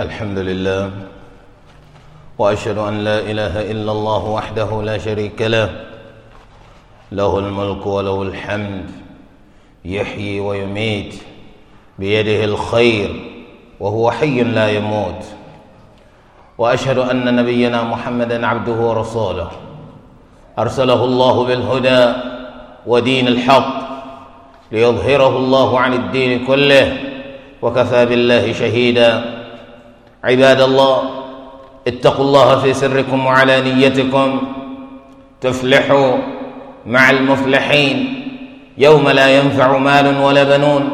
الحمد لله واشهد ان لا اله الا الله وحده لا شريك له له الملك وله الحمد يحيي ويميت بيده الخير وهو حي لا يموت واشهد ان نبينا محمدا عبده ورسوله ارسله الله بالهدى ودين الحق ليظهره الله عن الدين كله وكفى بالله شهيدا عباد الله اتقوا الله في سركم وعلى نيتكم تفلحوا مع المفلحين يوم لا ينفع مال ولا بنون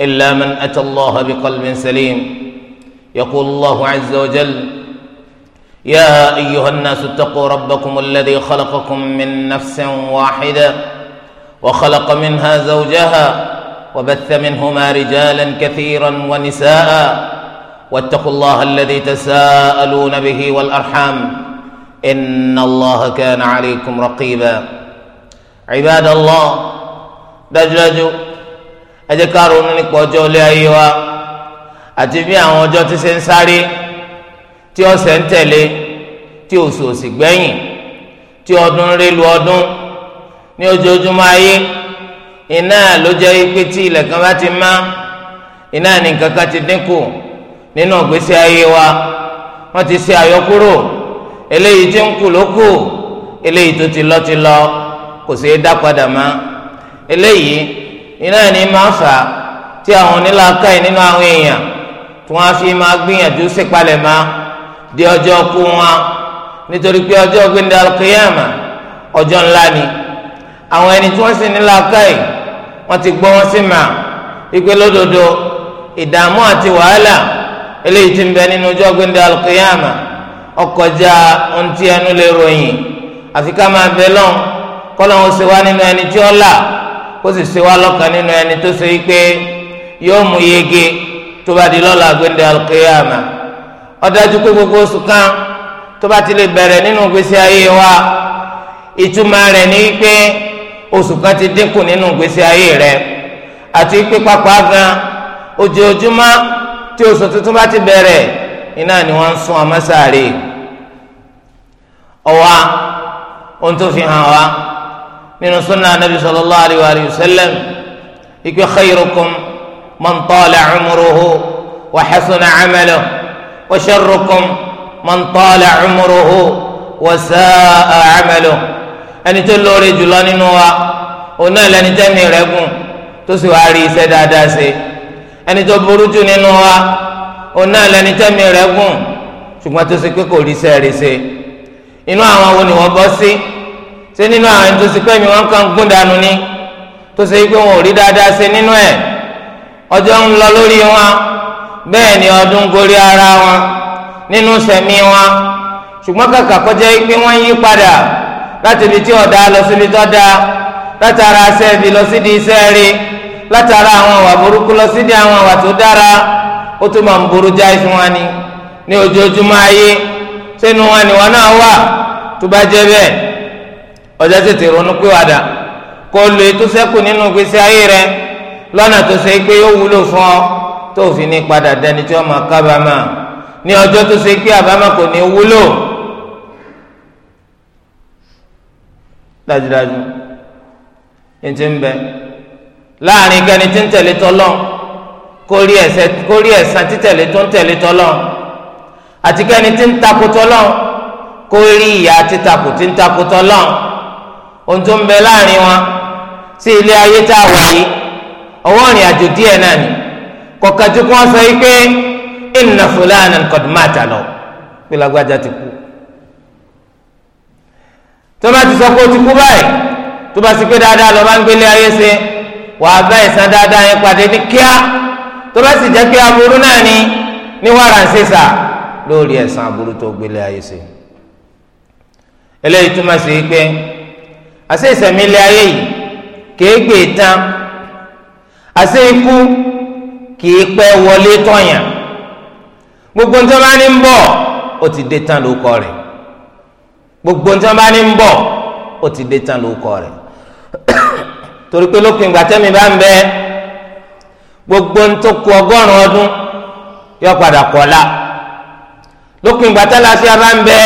إلا من أتى الله بقلب سليم يقول الله عز وجل يا أيها الناس اتقوا ربكم الذي خلقكم من نفس واحدة وخلق منها زوجها وبث منهما رجالا كثيرا ونساءً واتقوا الله الذي تساءلون به والأرحام إن الله كان عليكم رقيبا عباد الله دجلجوا أذكروا أنك وجولي أيها أتبيع وجوتي سنساري tí ọ̀sẹ̀ ń tẹ̀lé بيني oṣù òsì gbẹ̀yìn tí ọdún ń rélu ọdún ní ojoojúmọ́ ayé iná ló bá ti má iná ní nǹkan ti dínkù nínú ìgbésí ayé wa wọ́n ti ṣe àyọkúrò eléyìí tí ń kù ló kù eléyìí tó ti lọ ti lọ kò sí dá padà mọ́ eléyìí iná ní máa fà á tí àwọn onílàákàyè nínú àwọn èèyàn tí wọ́n á fi máa gbìyànjú sípalẹ̀ mọ́ di ọjọ́ kú wọn nítorí pé ọjọ́ gbẹ̀ndẹ̀ alukiyama ọjọ́ ńlá ni àwọn ẹni tí wọ́n sì ní làákàyè wọ́n ti gbọ́ wọn sí mà ìpè lódodo ìdààmú àti wàhálà. eléyìí ti ń bẹ nínú ọjọ́ gbẹ̀ndẹ̀ alukiyama ọkọjá ohun tí ẹnu lè ròyìn àfi máa bẹ lọ́n kọ́lọ́n ó ṣe wá nínú ẹni tí ó là kó sì wá lọ́kàn nínú ẹni tó ṣe pé yóò mú yege tó bá di lọ́la pé gbogbo oṣù kan tó bá ti wa ìtumọ̀ rẹ̀ ni oṣù kan ti dínkù nínú ìgbésí ayé rẹ̀ àti pápá tí oṣù tuntun bá ti bẹ̀rẹ̀ iná ni wọ́n ń sún ọmọ sáré ọwa ohun tó fi hàn wá nínú sunna anabi sallallahu alayhi wa sallam ikú khayrukum man tala umruhu wa hasuna amaluhu wa sharrukum man tala wa sa'a amaluhu ẹni tó lóore jùlọ nínú wa òun náà lẹni rẹ̀ gùn tó sì wá rí iṣẹ́ dáadáa ṣe ẹni tó burú jù nínú wa òun náà lẹni tẹ́mi rẹ̀ gùn ṣùgbọ́n tó ṣe pé kò rí sẹ́ẹ̀rì inú àwọn wo ni wọ́n bọ́ sí ṣé nínú àwọn ẹni tó ṣe pé mi wọ́n kàn gún dànù ni tó ṣe pé wọn ò rí dáadáa ṣe nínú ẹ̀ ọjọ́ ń lọ lórí wọn bẹ́ẹ̀ ni ọdún gorí ara wọn nínú sẹ̀mí wọn ṣùgbọ́n kàkà kọjá pé wọ́n yí padà láti ibi tí ọ̀dà lọ síbi tó dáa látara ṣẹ́ẹ̀bì lọ sídìí iṣẹ́ rí. látara àwọn àwà burúkú lọ sídìí àwọn àwà tó dára ó tún máa ń burú jáì fún wa ni ní ojoojúmọ́ ayé sínú wa ni wọn náà wà tó bá jẹ́ bẹ́ẹ̀ ọjọ́ tètè ronú pé wàdà kó lo ètò sẹ́kù nínú ìgbésí ayé rẹ lọ́nà tó ṣe pé yóò wúlò fún ọ tó fi ní padà dẹni tí wọ́n máa kábàámà ní ọjọ́ tó ṣe pé àbámà kò ní wúlò. dájúdájú ẹ ti ń bẹ. láàrin kẹni tí ń tẹ̀lé tọ́lọ́ kó rí ẹ̀san títẹ̀lé tó ń tẹ̀lé tọ́lọ́ àti kẹni tí ń takò tọ́lọ́ kó rí ìyà títakò tí ń takò tọ́lọ́ ohun tó ń bẹ láàrin wọn sí ilé ayé tá a wà yìí ọwọ́ ìrìn àjò díẹ̀ náà ni kọ̀kàtí kí wọ́n sọ yìí pé inna fulanan qad lọ pé ti kú tó bá ti sọ pé ó ti kú báyìí tó bá sì pé dáadáa lọ bá ń gbélé ayé ṣe. wàá bá ẹ̀san dáadáa yẹn pàdé ní kíá tó bá sì jẹ́ pé aburú náà ni ní wàràǹsẹ̀sà lórí ẹ̀san aburú tó gbélé ayé ṣe. eléyìí túmọ̀ sí pé àṣé ìsẹ̀mí ilé ayé yìí kìí gbé tán àṣé ikú kìí pẹ́ wọlé gbogbo tí wọ́n ti dé tán lóko rẹ̀ gbogbo torí pé lópin ìgbà bá ń bẹ gbogbo ń tó ku ọgọ́rùn-ún ọdún yóò padà kọ́lá lópin ìgbà tálàáfíà bá ń bẹ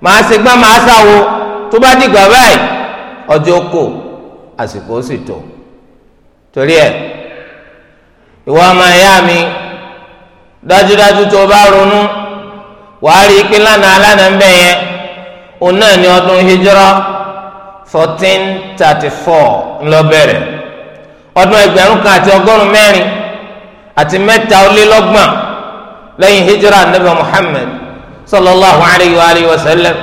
màá ṣe gbọ́n màá ṣàwo tó bá dìgbà báyìí ọjọ́ kò àsìkò ó sì tó torí ẹ ìwọ ọmọ ìyá mi dájúdájú tó bá ronú wàá rí i pé lánàá lánàá ń bẹ yẹn òun náà ni ọdún hijira. fourteen thirty four ńlọ bẹ̀rẹ̀ ọdún ẹgbẹ̀rún kan àti ọgọ́rùn mẹ́rin àti mẹ́ta ó lé lọ́gbọ̀n lẹ́yìn hijira anabi muhammed sallallahu alayhi wa alayhi wa sallam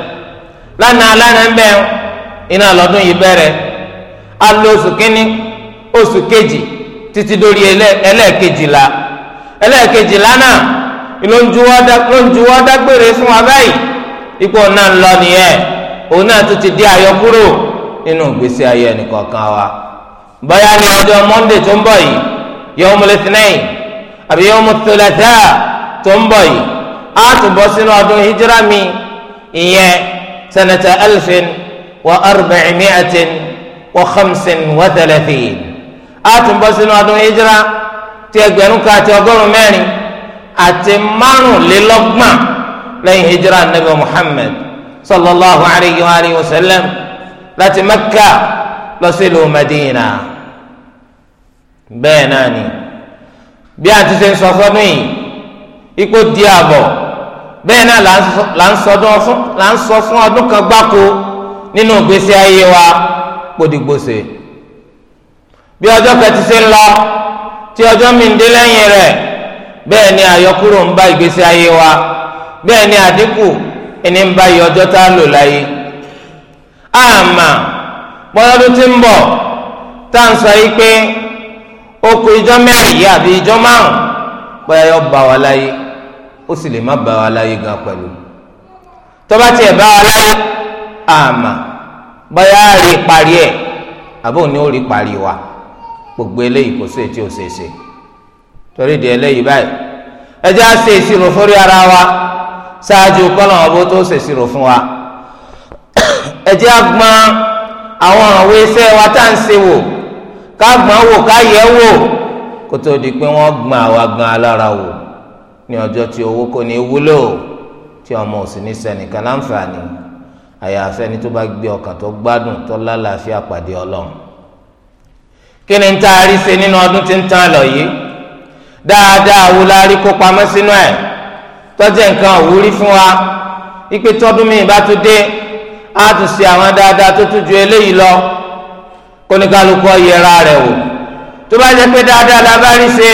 lánàá lánàá ń bẹ iná lọ́dún yìí bẹ̀rẹ̀ alo oṣù kínní oṣù kejì títí dórí ẹlẹ́ẹ̀kejìlá ẹlẹ́ẹ̀kejìlá náà ló ń juwọ́ dágbére fún wa báyìí ipò náà ń lọ nìyẹn òun náà tún ti di àyọkúrò nínú ìgbésí ayé ẹnìkọ̀ọ̀kan wa bóyá ní ọjọ́ monday tó ń bọ̀ yìí yawmul ithnain àbí yawmul thulatha tó ń bọ̀ yìí á tún bọ́ sínú ọdún hijira mi ìyẹn sanata alfin wa arba'imiatin wa khamsin wa thalathin á tún bọ́ sínú ọdún hijira tí ẹgbẹ̀rún kan àti ọgọ́rùn mẹ́rin àti márùnlélọ́gbọ̀n lẹ́yìn hijira nabi muhammad sallallahu alayhi wa sallam. láti Mẹ́kà lọ sí ìlú Mẹ́dínà bẹ́ẹ̀ náà ni bí a ti ṣe ń sọ sọdún yìí ipò di àbọ̀ bẹ́ẹ̀ náà là ń sọ fún ọdún kan gbáko nínú ìgbésí ayé wa kpódìgbòsè bí ọjọ́ kan ti ṣe ń lọ tí ọjọ́ mi ń dé lẹ́yìn rẹ̀ bẹ́ẹ̀ ni àyọkúrò ń bá ìgbésí ayé wa bẹ́ẹ̀ ni àdínkù ẹni ń bá iye ọjọ́ tá a lò láyé. àmà bọ́lọ́dún tí ń bọ̀ tá à ń sọ yìí pé oko ìjọ mẹ́rin àbí ìjọ márùn bóyá yọ bá wa láyé ó sì lè má bá wa láyé gan pẹ̀lú tọ́ba tiẹ̀ bá wa láyé àmà bóyá rí parí ẹ̀ àbí òní ó rí parí wa gbogbo eléyìí kò sí ètí òṣèṣe torí di eléyìí báyìí ẹ jẹ́ àṣe ìṣirò rí ara wa ṣáájú kọ́nà ọ̀bọ tó ṣèṣirò fún wa. ẹjẹ́ agbọ́n àwọn àwọn iṣẹ́ wa tá à ń ṣe wò ká gbọ́n wò ká yẹ̀ wò kó tó di pé wọ́n gbọ́n àwa gbọ́n alára wò ní ọjọ́ tí owó kò ní wúlò tí ọmọ ò ní sẹ́nìkan láǹfààní àyàfẹ́ni tó bá gbé ọkàn tó gbádùn tó lálàáfíà pàdé ọlọ́run kí ni ń tá a rí ṣe nínú ọdún tí ń tán lọ yìí dáadáa wo la rí kó pamọ́ sínú ẹ̀ tọ́jú nǹkan òwúrí fún wa ipe tọ́dún mi ìbá tó dé á tún ṣe àwọn dáadáa tó tún ju eléyìí lọ kóníkálukú yẹra rẹ̀ wò tó bá jẹ́ pé dáadáa la bá rí ṣe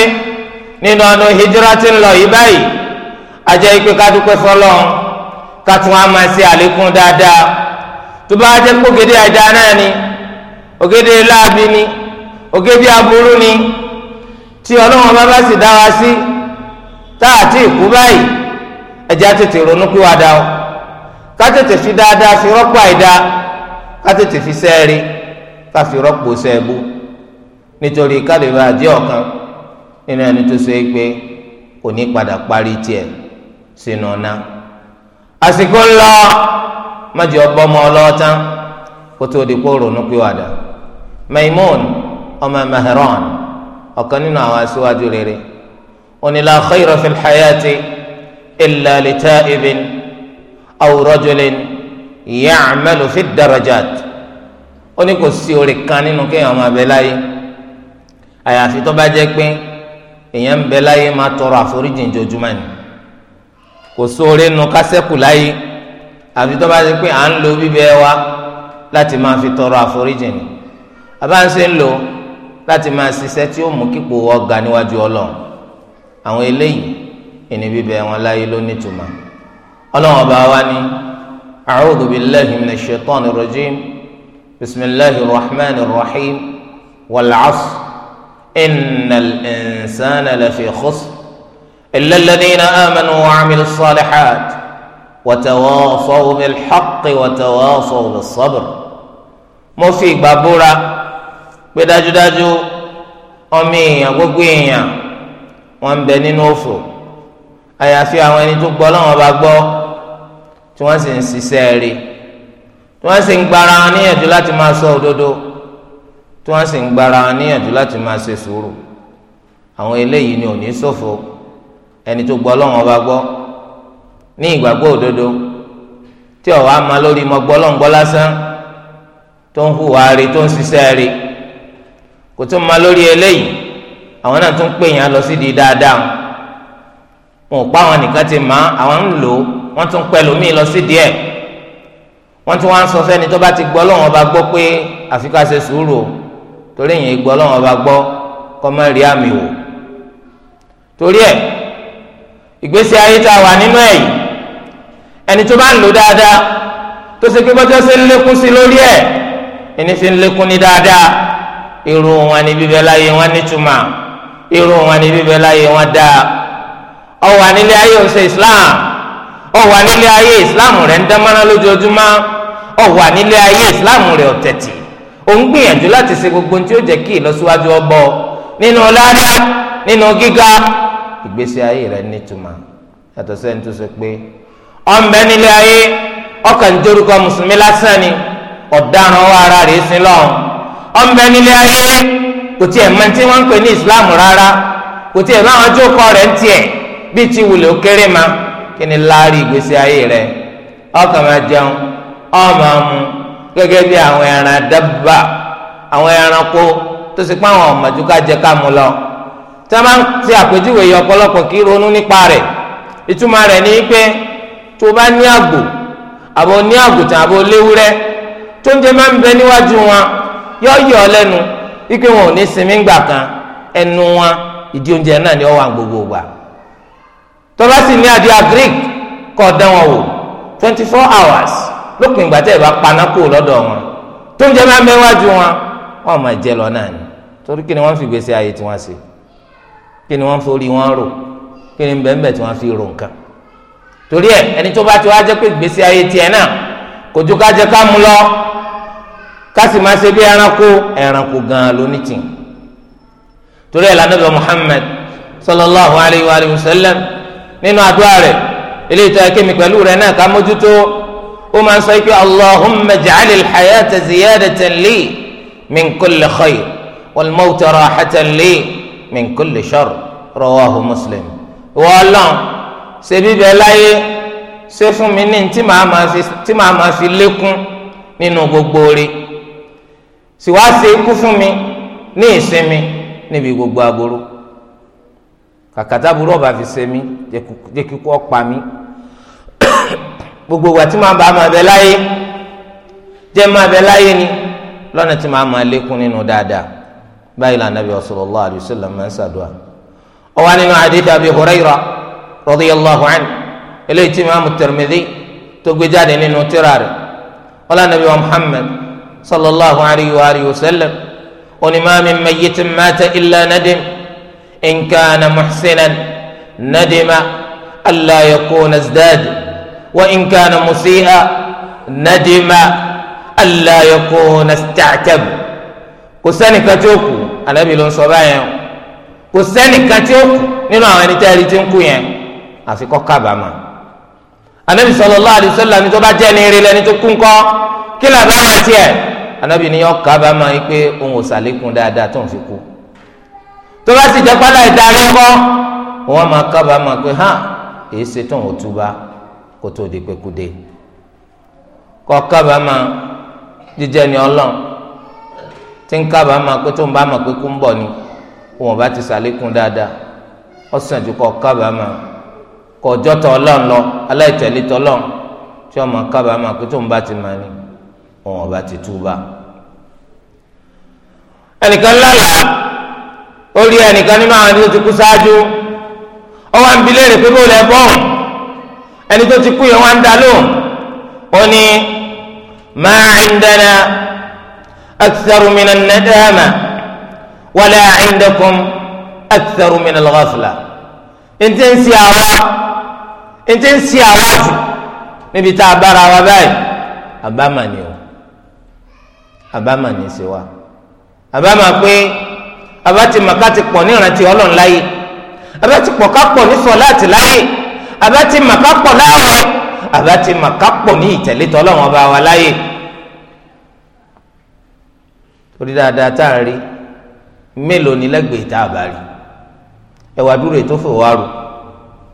nínú ọ̀nà hijira ti ń lọ yìí báyìí ajẹ́ ipe kádúpẹ́ fọlọ́n ká tún á máa ṣe àlékún dáadáa tó bá jẹ́ pé ògèdè àìdá náà ni ògèdè láàbí ni ògèdè aburú ni tí ọlọ́run bá bá sì dá wa sí tá àti ìkú báyìí ẹ̀jẹ̀ tètè ronú pé wàá dá o ká tètè fi dáadáa fi rọ́pò àìda ká tètè fi sẹ́ẹ̀rí ká fi rọ́pò sẹ́ẹ̀bù nítorí ká lè bá jẹ́ ọ̀kan nínú ẹni tó ṣe é pé kò ní padà parí tiẹ̀ sínú ọ̀nà àsìkò ńlọ májì ọgbọ́n ọmọ ọlọ́ọ̀tán kó tó di kó ronú pé wàdà Maimun ọmọ Mahran ọ̀kan nínú àwọn aṣíwájú rere onílà khayra fil hayati illa li ta'ibin aw rajulin ya'malu fi darajat ó ní kò sí orí kan nínú kéèyàn máa bẹ láyé àyàfi tó bá jẹ́ pé èèyàn ń bẹ láyé máa tọrọ àforíjì ojoojúmọ́ ni kò sóore nu kásẹ́kù láyé àfi tó bá jẹ́ pé à ń lo bíbẹ wa láti máa fi tọrọ àforíjì ni àbáńsẹ̀ ń lò láti máa ṣiṣẹ́ tí ó mú kíkó ọ̀gá níwájú ọlọ́run àwọn eléyìí ìní bíbẹ wọn láyé ló nítumọ̀ ọlọ́wọ́n bá wa ní a'udhu billahi minash shaitanir rajim bismillahir rahmanir rahim wal 'asr innal insana lafi khusr illa alladhina amanu wa 'amilus salihat wa tawasaw bil haqqi wa tawasaw bis sabr mo fi ìgbà búra pé dájúdájú ọmọ èèyàn gbogbo èèyàn wọn bẹ nínú òfò àyàfi àwọn ẹni tó gbọ́ lọ́wọ́ bá gbọ́ tí wọ́n sì ń ṣiṣẹ́ rí tí wọ́n sì ń gbára wọn níyànjú láti máa sọ òdodo tí wọ́n sì ń gbára wọn níyànjú láti máa ṣe sùúrù àwọn eléyìí ni ò ní ṣòfò ẹni tó gbọ́ Ọlọ́run ọba gbọ́ ní ìgbàgbọ́ òdodo tí ọ̀wá ma lórí mọ gbọ́ Ọlọ́run gbọ́ lásán tó ń hùwà rí tó ń ṣiṣẹ́ rí kò tó ma lórí eléyìí àwọn náà tún pè yàn lọ sídìí dáadáa wọn ò pa àwọn nìkan ti mọ àwọn ń lò ó wọ́n tún pẹ́ lómi lọ sí díẹ̀ wọ́n tún wá ń sọ fẹ́ni tó bá ti gbọ́ lọ́wọ́n bá gbọ́ pé àfi ká ṣe sùúrù o torí ìyẹn gbọ́ lọ́wọ́n bá gbọ́ kọ́ mọ́ rí àmì wò torí ẹ̀ ìgbésí ayé tá a wà nínú ẹ̀ yìí ẹni tó bá ń lò dáadáa tó ṣe pé bọ́jọ́ ṣe ń lékún sí lórí ẹ̀ ẹni ṣe ń lékún ní dáadáa irú wọn ni bíbẹ láyé wọn nítumà irú wọn ni bíbẹ láyé wọn dáa ó wà nílé ayé òun ṣe Islam ó wà nílé ayé islam rẹ̀ ń dámọ́ná lójoojúmọ́ ó wà nílé ayé islam rẹ̀ ọ̀tẹ̀tì ò ń gbìyànjú láti ṣe gbogbo tí ó jẹ́ kí ìlọsíwájú ọbọ̀ nínú ládá nínú gíga ìgbésí ayé rẹ̀ nítumọ̀ yàtọ̀ sẹ́ni tó ṣe pé ọ̀nbẹ nílé ayé ọkàn jórúkọ mùsùlùmí lásán ni ọ̀daràn wa ara rẹ̀ sí lọ́hùn ọ̀nbẹ nílé ayé kò tiẹ̀ mọ tí wọ́n ń pè ní islam rárá kò tiẹ̀ láwọn jókòó rẹ̀ ń tiẹ̀ bíi ti wùlé ó kéré máa kini larịị igwe si ayé rẹ ọkàn máa jẹun ọmọ mu gẹ́gẹ́ bí àwọn ẹran dábà àwọn ẹranko tó sì pa àwọn ọmọdúkà jẹ ká mu lọ tí ti àpèjúwe yìí ọ̀pọ̀lọpọ̀ kí ronú nípa rẹ̀ ìtumọ̀ rẹ ni pé tó bá ní àgbò àbò ní àgùntàn àbò tó ń jẹ máa ń bẹ níwájú wọn yọ yọ ọ wọn ò ní sinmi gbà tọ́ba sì ní àdìo agric kọ́ dán wọn wò twenty four hours lópin ìgbà tẹ́ ẹ bá paná kú lọ́dọ̀ wọn tó ń jẹ́ máa mẹ́wájú wọn wọn máa jẹ lọ náà ni torí kí ni wọ́n fi gbèsè ayé tí wọ́n ṣe kí ni wọ́n forí wọn rò kí ni bẹ́ẹ̀nbẹ́ẹ̀ tí wọ́n fi rò nǹkan torí ẹ ẹni tó bá ti wá jẹ́ pé gbèsè ayé tiẹ̀ náà kò ju ká jẹ ká mú lọ ká sì máa ṣe bí ẹranko ẹranko gan-an lónìtì Muhammad sallallahu alayhi wa sallam nínú àdúrà rẹ̀ eléyìí tó yẹ kémi pẹ̀lú rẹ̀ náà ká mójútó ó máa ń sọ pé allahumma ja'al al-hayata ziyadatan li min kulli khayr wal mawta rahatan li min kulli shar rawahu muslim. wọ́ọ́lọ́n ṣe bíbẹ̀ láyé ṣe fún mi ní tí màá máa fi lékún nínú gbogbo rẹ̀ sì ikú fún mi ní ìsinmi níbi gbogbo aburú kàkàtà burú ọba fi ṣe mí jẹ́ kíkọ́ pa mí gbogbo wa tí màá bá máa bẹ láyé jẹ́ máa bẹ láyé ni lọ́nà tí màá máa lékún nínú dáadáa báyìí la Nabi sallallahu alaihi wasallam máa ń ṣàdúrà ó wà nínú hadith Abi Hurayra radiyallahu eléyìí tí Imam Tirmidhi tó gbé jáde nínú tírà rẹ̀ ó lá wa Muhammad sallallahu alaihi wa alihi wasallam ó ní ma min mayyitin mata illa إن كان محسنا ندم ألا يكون ازداد وإن كان مسيئا ندم ألا يكون استعتب كساني كتوكو أنا بلون صبايا كساني كتوكو نينو أنا تالي تنكو يعني أفكو كاباما anabi sallallahu alayhi wa sallam tó bá jẹ́ ní eré lẹni tó kún kọ kí làbá wà tiẹ̀ anabi ni tó bá sì jẹ́ pálá ìdarí kọ́ wọ́n máa kábàámọ̀ pé hàn èyí ṣetán ò túba kó tó di pẹ́kúdé kọ́ kábàámọ̀ jíjẹ́ ni ọlọ́run tí ń kábàámọ̀ pé tó ń bá mọ̀ pé kú ń bọ̀ ni wọn bá ti sàlékún dáadáa ọ̀sán ju kọ́ kábàámọ̀ kọ́ ọjọ́ tọ́ ọlọ́run lọ aláìtẹ̀lé tọ́ ọlọ́run tí wọ́n máa kábàámọ̀ pé tó ń bá ti mọ̀ ni wọn bá ti túba ẹnìkan lálàá ó rí ẹnìkan nínú àwọn ẹni tó ti kú ṣáájú ó wá ń bi léèrè pé bó lẹ bọ́ ẹni tó ti kú yẹn wá ń dá lóhùn ó ní ma indana aktharu min an-nadama wala indakum aktharu min al-ghafla ntí ń si àwa ntí ń si àwa jù níbi tá a bára wa báyìí àbámà o àbámà sí wa àbámà pé abati maka ti pọ̀ ní ìrántí Ọlọ́run láyé abati pọ̀ ká pọ̀ ní sọláàtì láyé abati maka pọ̀ láàwẹ̀ abati maka pọ̀ ní ìtẹ̀lé tỌlọ́run ọba wa láyé torí dáadáa tá a rí mélòó ni lẹ́gbẹ̀ẹ́ tá a bá rí ẹwà dúró ètò fòwárò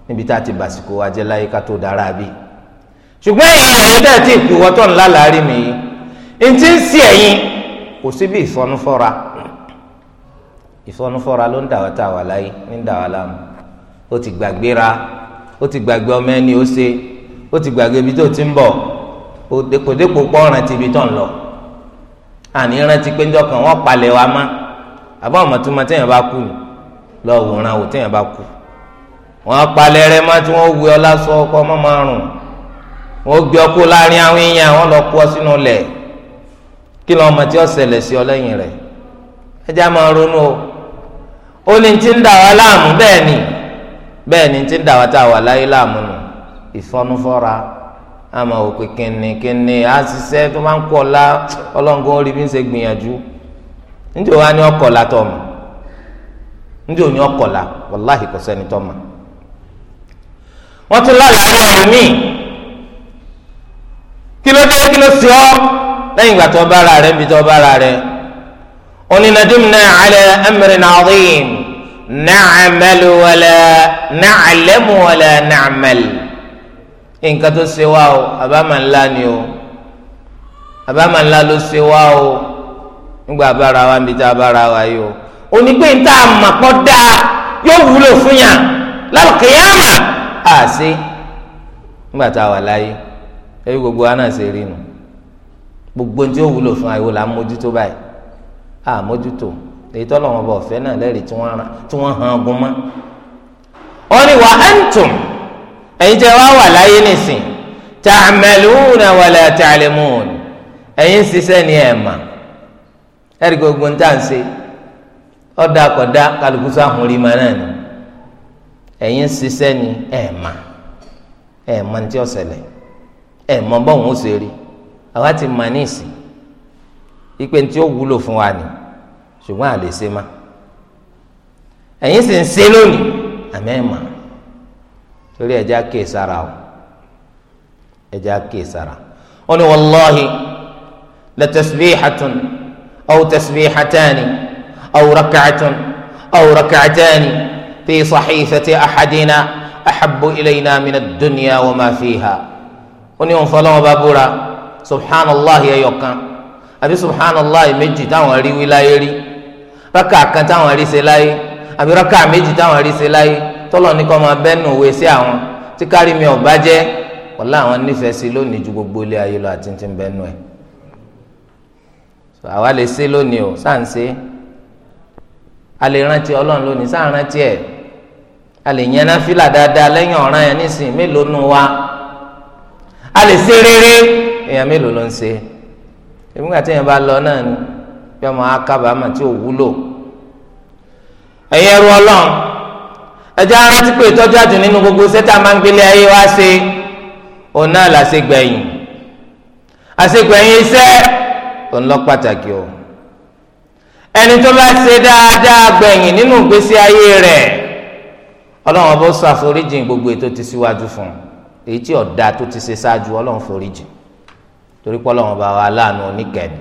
níbi tá a ti bàsìkò wa láyé ká tó dára bí ṣùgbọ́n ẹ̀yin ẹ̀yin dẹ́ẹ̀ tí ìpìwọ́tọ̀ ńlá làárí mi yìí ntí ń sí ẹ̀yin kò sí ìfọnúfọ́ra ìfọnúfọ́ra ló ń dà wá tà wá láyé ń dà wá láàmú ó ti gbàgbéra ó ti gbàgbé ọmọ ẹni ó ṣe ó ti gbàgbé ibi tó ti ń bọ̀ kò dépò pọ́ ọ̀ràn ti ibi tó ń lọ àní rántí pé njọ́ kan wọ́n palẹ̀ wa má àbá ọmọ tó ma téèyàn bá kú lọ wòran wò téèyàn bá kú wọ́n palẹ̀ rẹ má tí wọ́n wé ọ lásọ ọkọ ọmọ márùn wọ́n gbé ọkọ láàrin àwọn èèyàn wọ́n lọ kú ọ sínú lẹ̀ kí lọ́mọ tí ó ṣẹlẹ̀ sí ọ lẹ́yìn rẹ̀ ẹ já máa ronú o. ó ní ti ń dà wá láàmú bẹ́ẹ̀ ni bẹ́ẹ̀ ni ti ń dà wá tá a wà láyé láàmú nù ìfọnúfọ́ra la ọlọ́ngọ́ orí bí ń ṣe gbìyànjú níjẹ́ wa ni ọkọ̀ la tọ̀ mọ́ níjẹ́ òní ọkọ̀ la wàláhì kò sẹ́ni tọ́ mọ́ wọ́n tún lálẹ́ àwọn ẹlòmíì kí ló dé kí ló sọ lẹ́yìn ìgbà tó bá oni nadimna ala amrin azim na'amalu wala na'lamu wala na'mal nǹkan tó ṣe wá o àbámọ̀ ńlá ni o àbámọ̀ ńlá ló ṣe wá o nígbà bára wa níbi tá a bára wa yìí o oni pé n ta àmàpọ̀ dáa yóò wúlò fún yàn lálùkìyàmà àṣe nígbà tá a wà láyé ẹbí gbogbo wa náà ṣe rí nu gbogbo ní tí ó wúlò fún àìwò là ń mójútó báyìí àmójútó èyí tọ́lọ̀ wọn bọ̀ ọ̀fẹ́ náà lẹ́rìí tí wọ́n hàn gun mọ́. ó ní wà á ń tùm ẹ̀yin tẹ́ wá wà láyé nìsín ta'maluna wala ta'lamun ẹ̀yin ṣiṣẹ́ ni ẹ̀ mà ẹ̀rí gbogbo ń tà ń ṣe ọ̀dà kọ̀dà kálukú sáhùn rí ma náà ni ẹ̀yin ṣiṣẹ́ ni ẹ̀ mà ẹ̀ mọ̀ ní tí ó ṣẹlẹ̀ ẹ̀ mọ̀ bọ́ọ̀hún ó ṣe rí àwa ti mà ní ìsìn ìpè ní tí ó wúlò fún wa ni ṣùgbọ́n àlè ṣe má ẹ̀yin sì ń ṣe lónìí àmì ẹ̀ mà torí ẹ̀já kè sára o ẹ̀já kè sára ó ní wàlláhi la tasbihatun aw tasbihatani aw rak'atun aw rak'atani fi sahifati ahadina ahabbu ilayna min ad-dunya wa ma fiha ó ní òun fọlọ́wọ́ bá búra subhanallah ẹ̀yọ̀kan àbí subhanallah méjì táwọn rí wí láyé rí. rákà kan táwọn rí ṣe láyé àbí rákà méjì táwọn rí láyé kọ́ máa bẹ́nu òwe sí àwọn tí kárí mi bá àwọn nífẹ̀ẹ́ sí lónìí ju gbogbo ilé ayé lọ àti ti ń bẹ́nu àwa lè lónìí o sáà ń ṣe a lè rántí ọlọ́run lónìí sáà nù wa yọ ọmọ akábàámà tí ò wúlò ẹ̀yin ẹrú ọlọ́run ẹjẹ́ arántí pé ìtọ́jú àjò nínú gbogbo sẹ́tà máa ń gbélé ayé wá ṣe òun náà làṣegbẹ̀yìn àṣegbẹ̀yìn iṣẹ́ òun lọ pàtàkì o ẹni tó bá ṣe dáadáa gbẹ̀yìn nínú ìgbésí ayé rẹ̀ ọlọ́run ọba sọ àforíjìn gbogbo ètò ti síwájú fún un èyí tí ọ̀dà tó ti ṣe ṣáájú ọlọ́run foríjìn torí pé ọlọ́run ọba láàánú oníkẹ́ni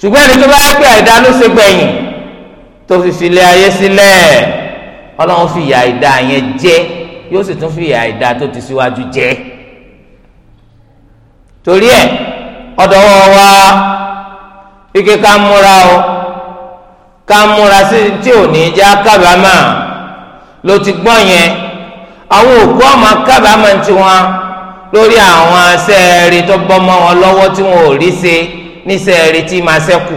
ṣùgbọ́n ẹni tó bá pẹ́ àìdá ló ṣe gbẹ̀yìn tó fi filẹ̀ ayé sílẹ̀ ọlọ́run fi ìyà àìdá yẹn jẹ yóò sì tún fi ìyà àìdá tó ti síwájú jẹ torí ẹ ọ̀dọ̀ wọn wá ike ká múra o ká múra sí tí ò ní já kábàámà ló ti gbọ́ yẹn àwọn òkú ọmọ kábàámà tiwọn lórí àwọn asẹ́ẹ̀rí tó bọ́ mọ́ wọn lọ́wọ́ tí wọn ò rí ṣe níṣẹ́ retí máa ṣẹ́kù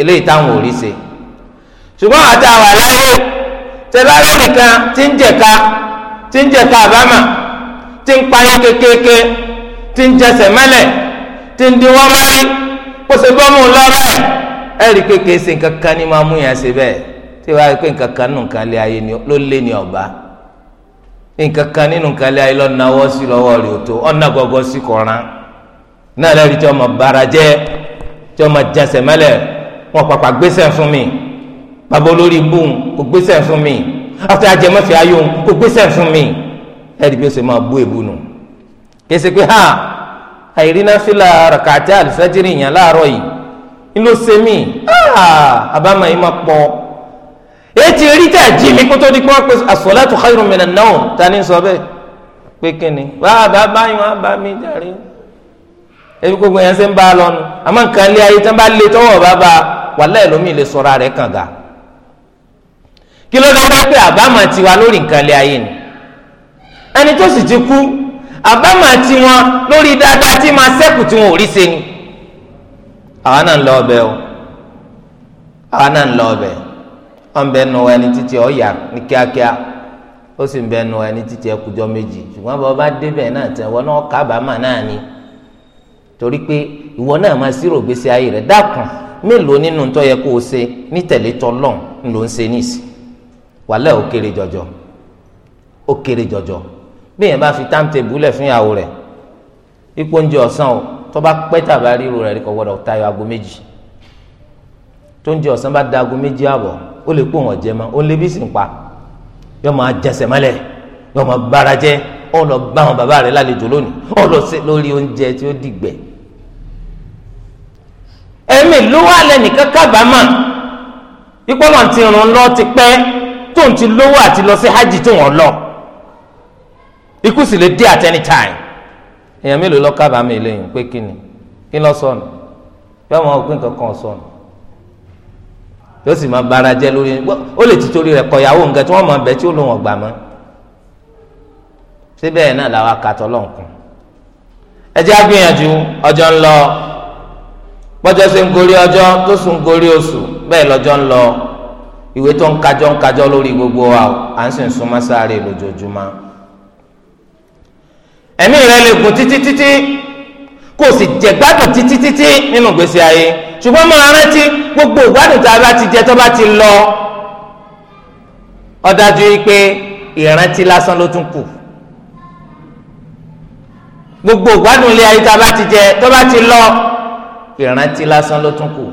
eléyìí táwọn ò rí ṣe ṣùgbọ́n àti àwọn aláyé tẹ̀lára nìkan tí ń jẹ̀ka tí ń jẹ̀ka àbámà tí ń payé kékeré tí ń jẹsẹ̀ mẹ́lẹ̀ tí ń diwọ́ mọ́rí kó ṣe gbọ́mù lọ́rọ̀ ẹ̀ ẹ̀ rí kékeré ṣe nǹkan kan ní máa mú yẹn ṣe bẹ́ẹ̀ tí wàá rí pé nǹkan kan nù nǹkan lé ayé ló lé ní ọ̀bá nǹkan kan nínú nǹkan lé ayé lọ́nà ọwọ́ sí lọ́wọ́ rẹ̀ ò tó ọ̀nà gọ́gọ́ sí kọ̀ọ̀ràn náà lẹ́rìí tí ọmọ bara jẹ́ tí ọmọ jẹsẹ̀ mẹ́lẹ̀ wọn pàpà gbésẹ̀ fún mi bàbá olórí bùn kò gbésẹ̀ fún mi afẹ́ ajẹmọ́fẹ́ ayò kò gbésẹ̀ fún mi ẹ̀rí bí o ṣe máa bú èbú nù kèsì pé ha àìrínà fìlà rakaata alifajiri yàn láàárọ̀ yìí ńlọ sẹ́mi àbámọ̀ yìí máa pọ̀ ètí rí tẹ̀ jí mi kó tó di pé wọ́n pe as-salatu khayrun minan nawm ta ni sọ bẹ́ẹ̀ pé kíni wàá bá báyìí wọ́n á bá mi jàre. ebi gbogbo yẹn ṣe ń bá a lọ nu àmọ́ nǹkan lé ayé tí wọ́n bá lé tọwọ bá ba wà ẹ̀ lómi lè sọra rẹ̀ kàn ga kí ló dáa pé ti wa lórí nǹkan lé ayé ni ẹni tó sì ti kú ti tiwọn lórí dáadáa tí máa ṣẹ́kù tí wọn ò rí ṣe ni àwa náà ń lọ ọbẹ̀ o àwa náà ń lọ ọbẹ̀ wọn bẹ nu ẹni títí ọ ní kíákíá ó sì ń bẹ nu ẹni títí méjì ṣùgbọ́n bá ọba débẹ̀ náà tẹ̀ wọ́n náà kábàámà náà ni. torí pé ìwọ náà máa sírò gbèsè ayé rẹ dákun mélòó nínú tó yẹ kó o ṣe ní tẹ̀lé tọlọ́n ló ń ṣe níìsì wàhálà ó kéré jọjọ ó kéré jọjọ bí èèyàn bá fi táǹtẹ̀bù lẹ̀ fún ìyàwó rẹ̀ ipò oúnjẹ ọ̀sán o tó bá pẹ́ tàbá ríro rẹ̀ kò gbọ́dọ̀ tayọ aago méjì tó oúnjẹ ọ̀sán bá da aago méjì àbọ̀ ó lè pò wọ́n jẹ mọ́ ó lé bí sì ń pa yọ máa jẹsẹ̀ mọ́lẹ̀ yọ máa gbára jẹ́ ọ lọ gbá wọn bàbá rẹ̀ lálejò lónìí ọ lọ sí lórí oúnjẹ tí ó dìgbẹ́ ẹ̀mí ló wà lẹ́nìkan kábàámà ìpọ́nlọ̀ ti rún lọ ti pẹ́ tóun ti lówó àti lọ sí hajj tó wọ́n lọ ikú sì lè dé at any time èèyàn mélòó lọ kábàámà eléyìí pé kí ni kí lọ sọnù bí àwọn òpin kankan sọnù yóò sì máa bára jẹ lórí ó lè ti torí rẹ̀ kọyàwó nǹkan tí wọ́n máa bẹ tí ó lò wọ́n gbà síbẹ̀ náà làwọn akatọ́ lọ́nkùn ẹ jẹ́ àgbìyànjú ọjọ́ ńlọ bọ́jọ́ ṣe ń gorí ọjọ́ tó sùn gorí oṣù bẹ́ẹ̀ lọ́jọ́ ń lọ ìwé tó ń kájọ́ ń kájọ́ lórí gbogbo wa à ń sì ń súnmọ́ sáré lójoojúmọ́ ẹ̀mí rẹ lè gùn títí títí kò sì jẹ gbádùn títí títí nínú ìgbésí ayé ṣùgbọ́n mo rántí gbogbo ìgbádùn tá a bá ti jẹ tó bá ti lọ ó dájú pé ìrántí lásán ló tún kù gbogbo ìgbádùn ilé ayé tá a bá ti jẹ tó bá ti lọ ìrántí lásán ló tún kù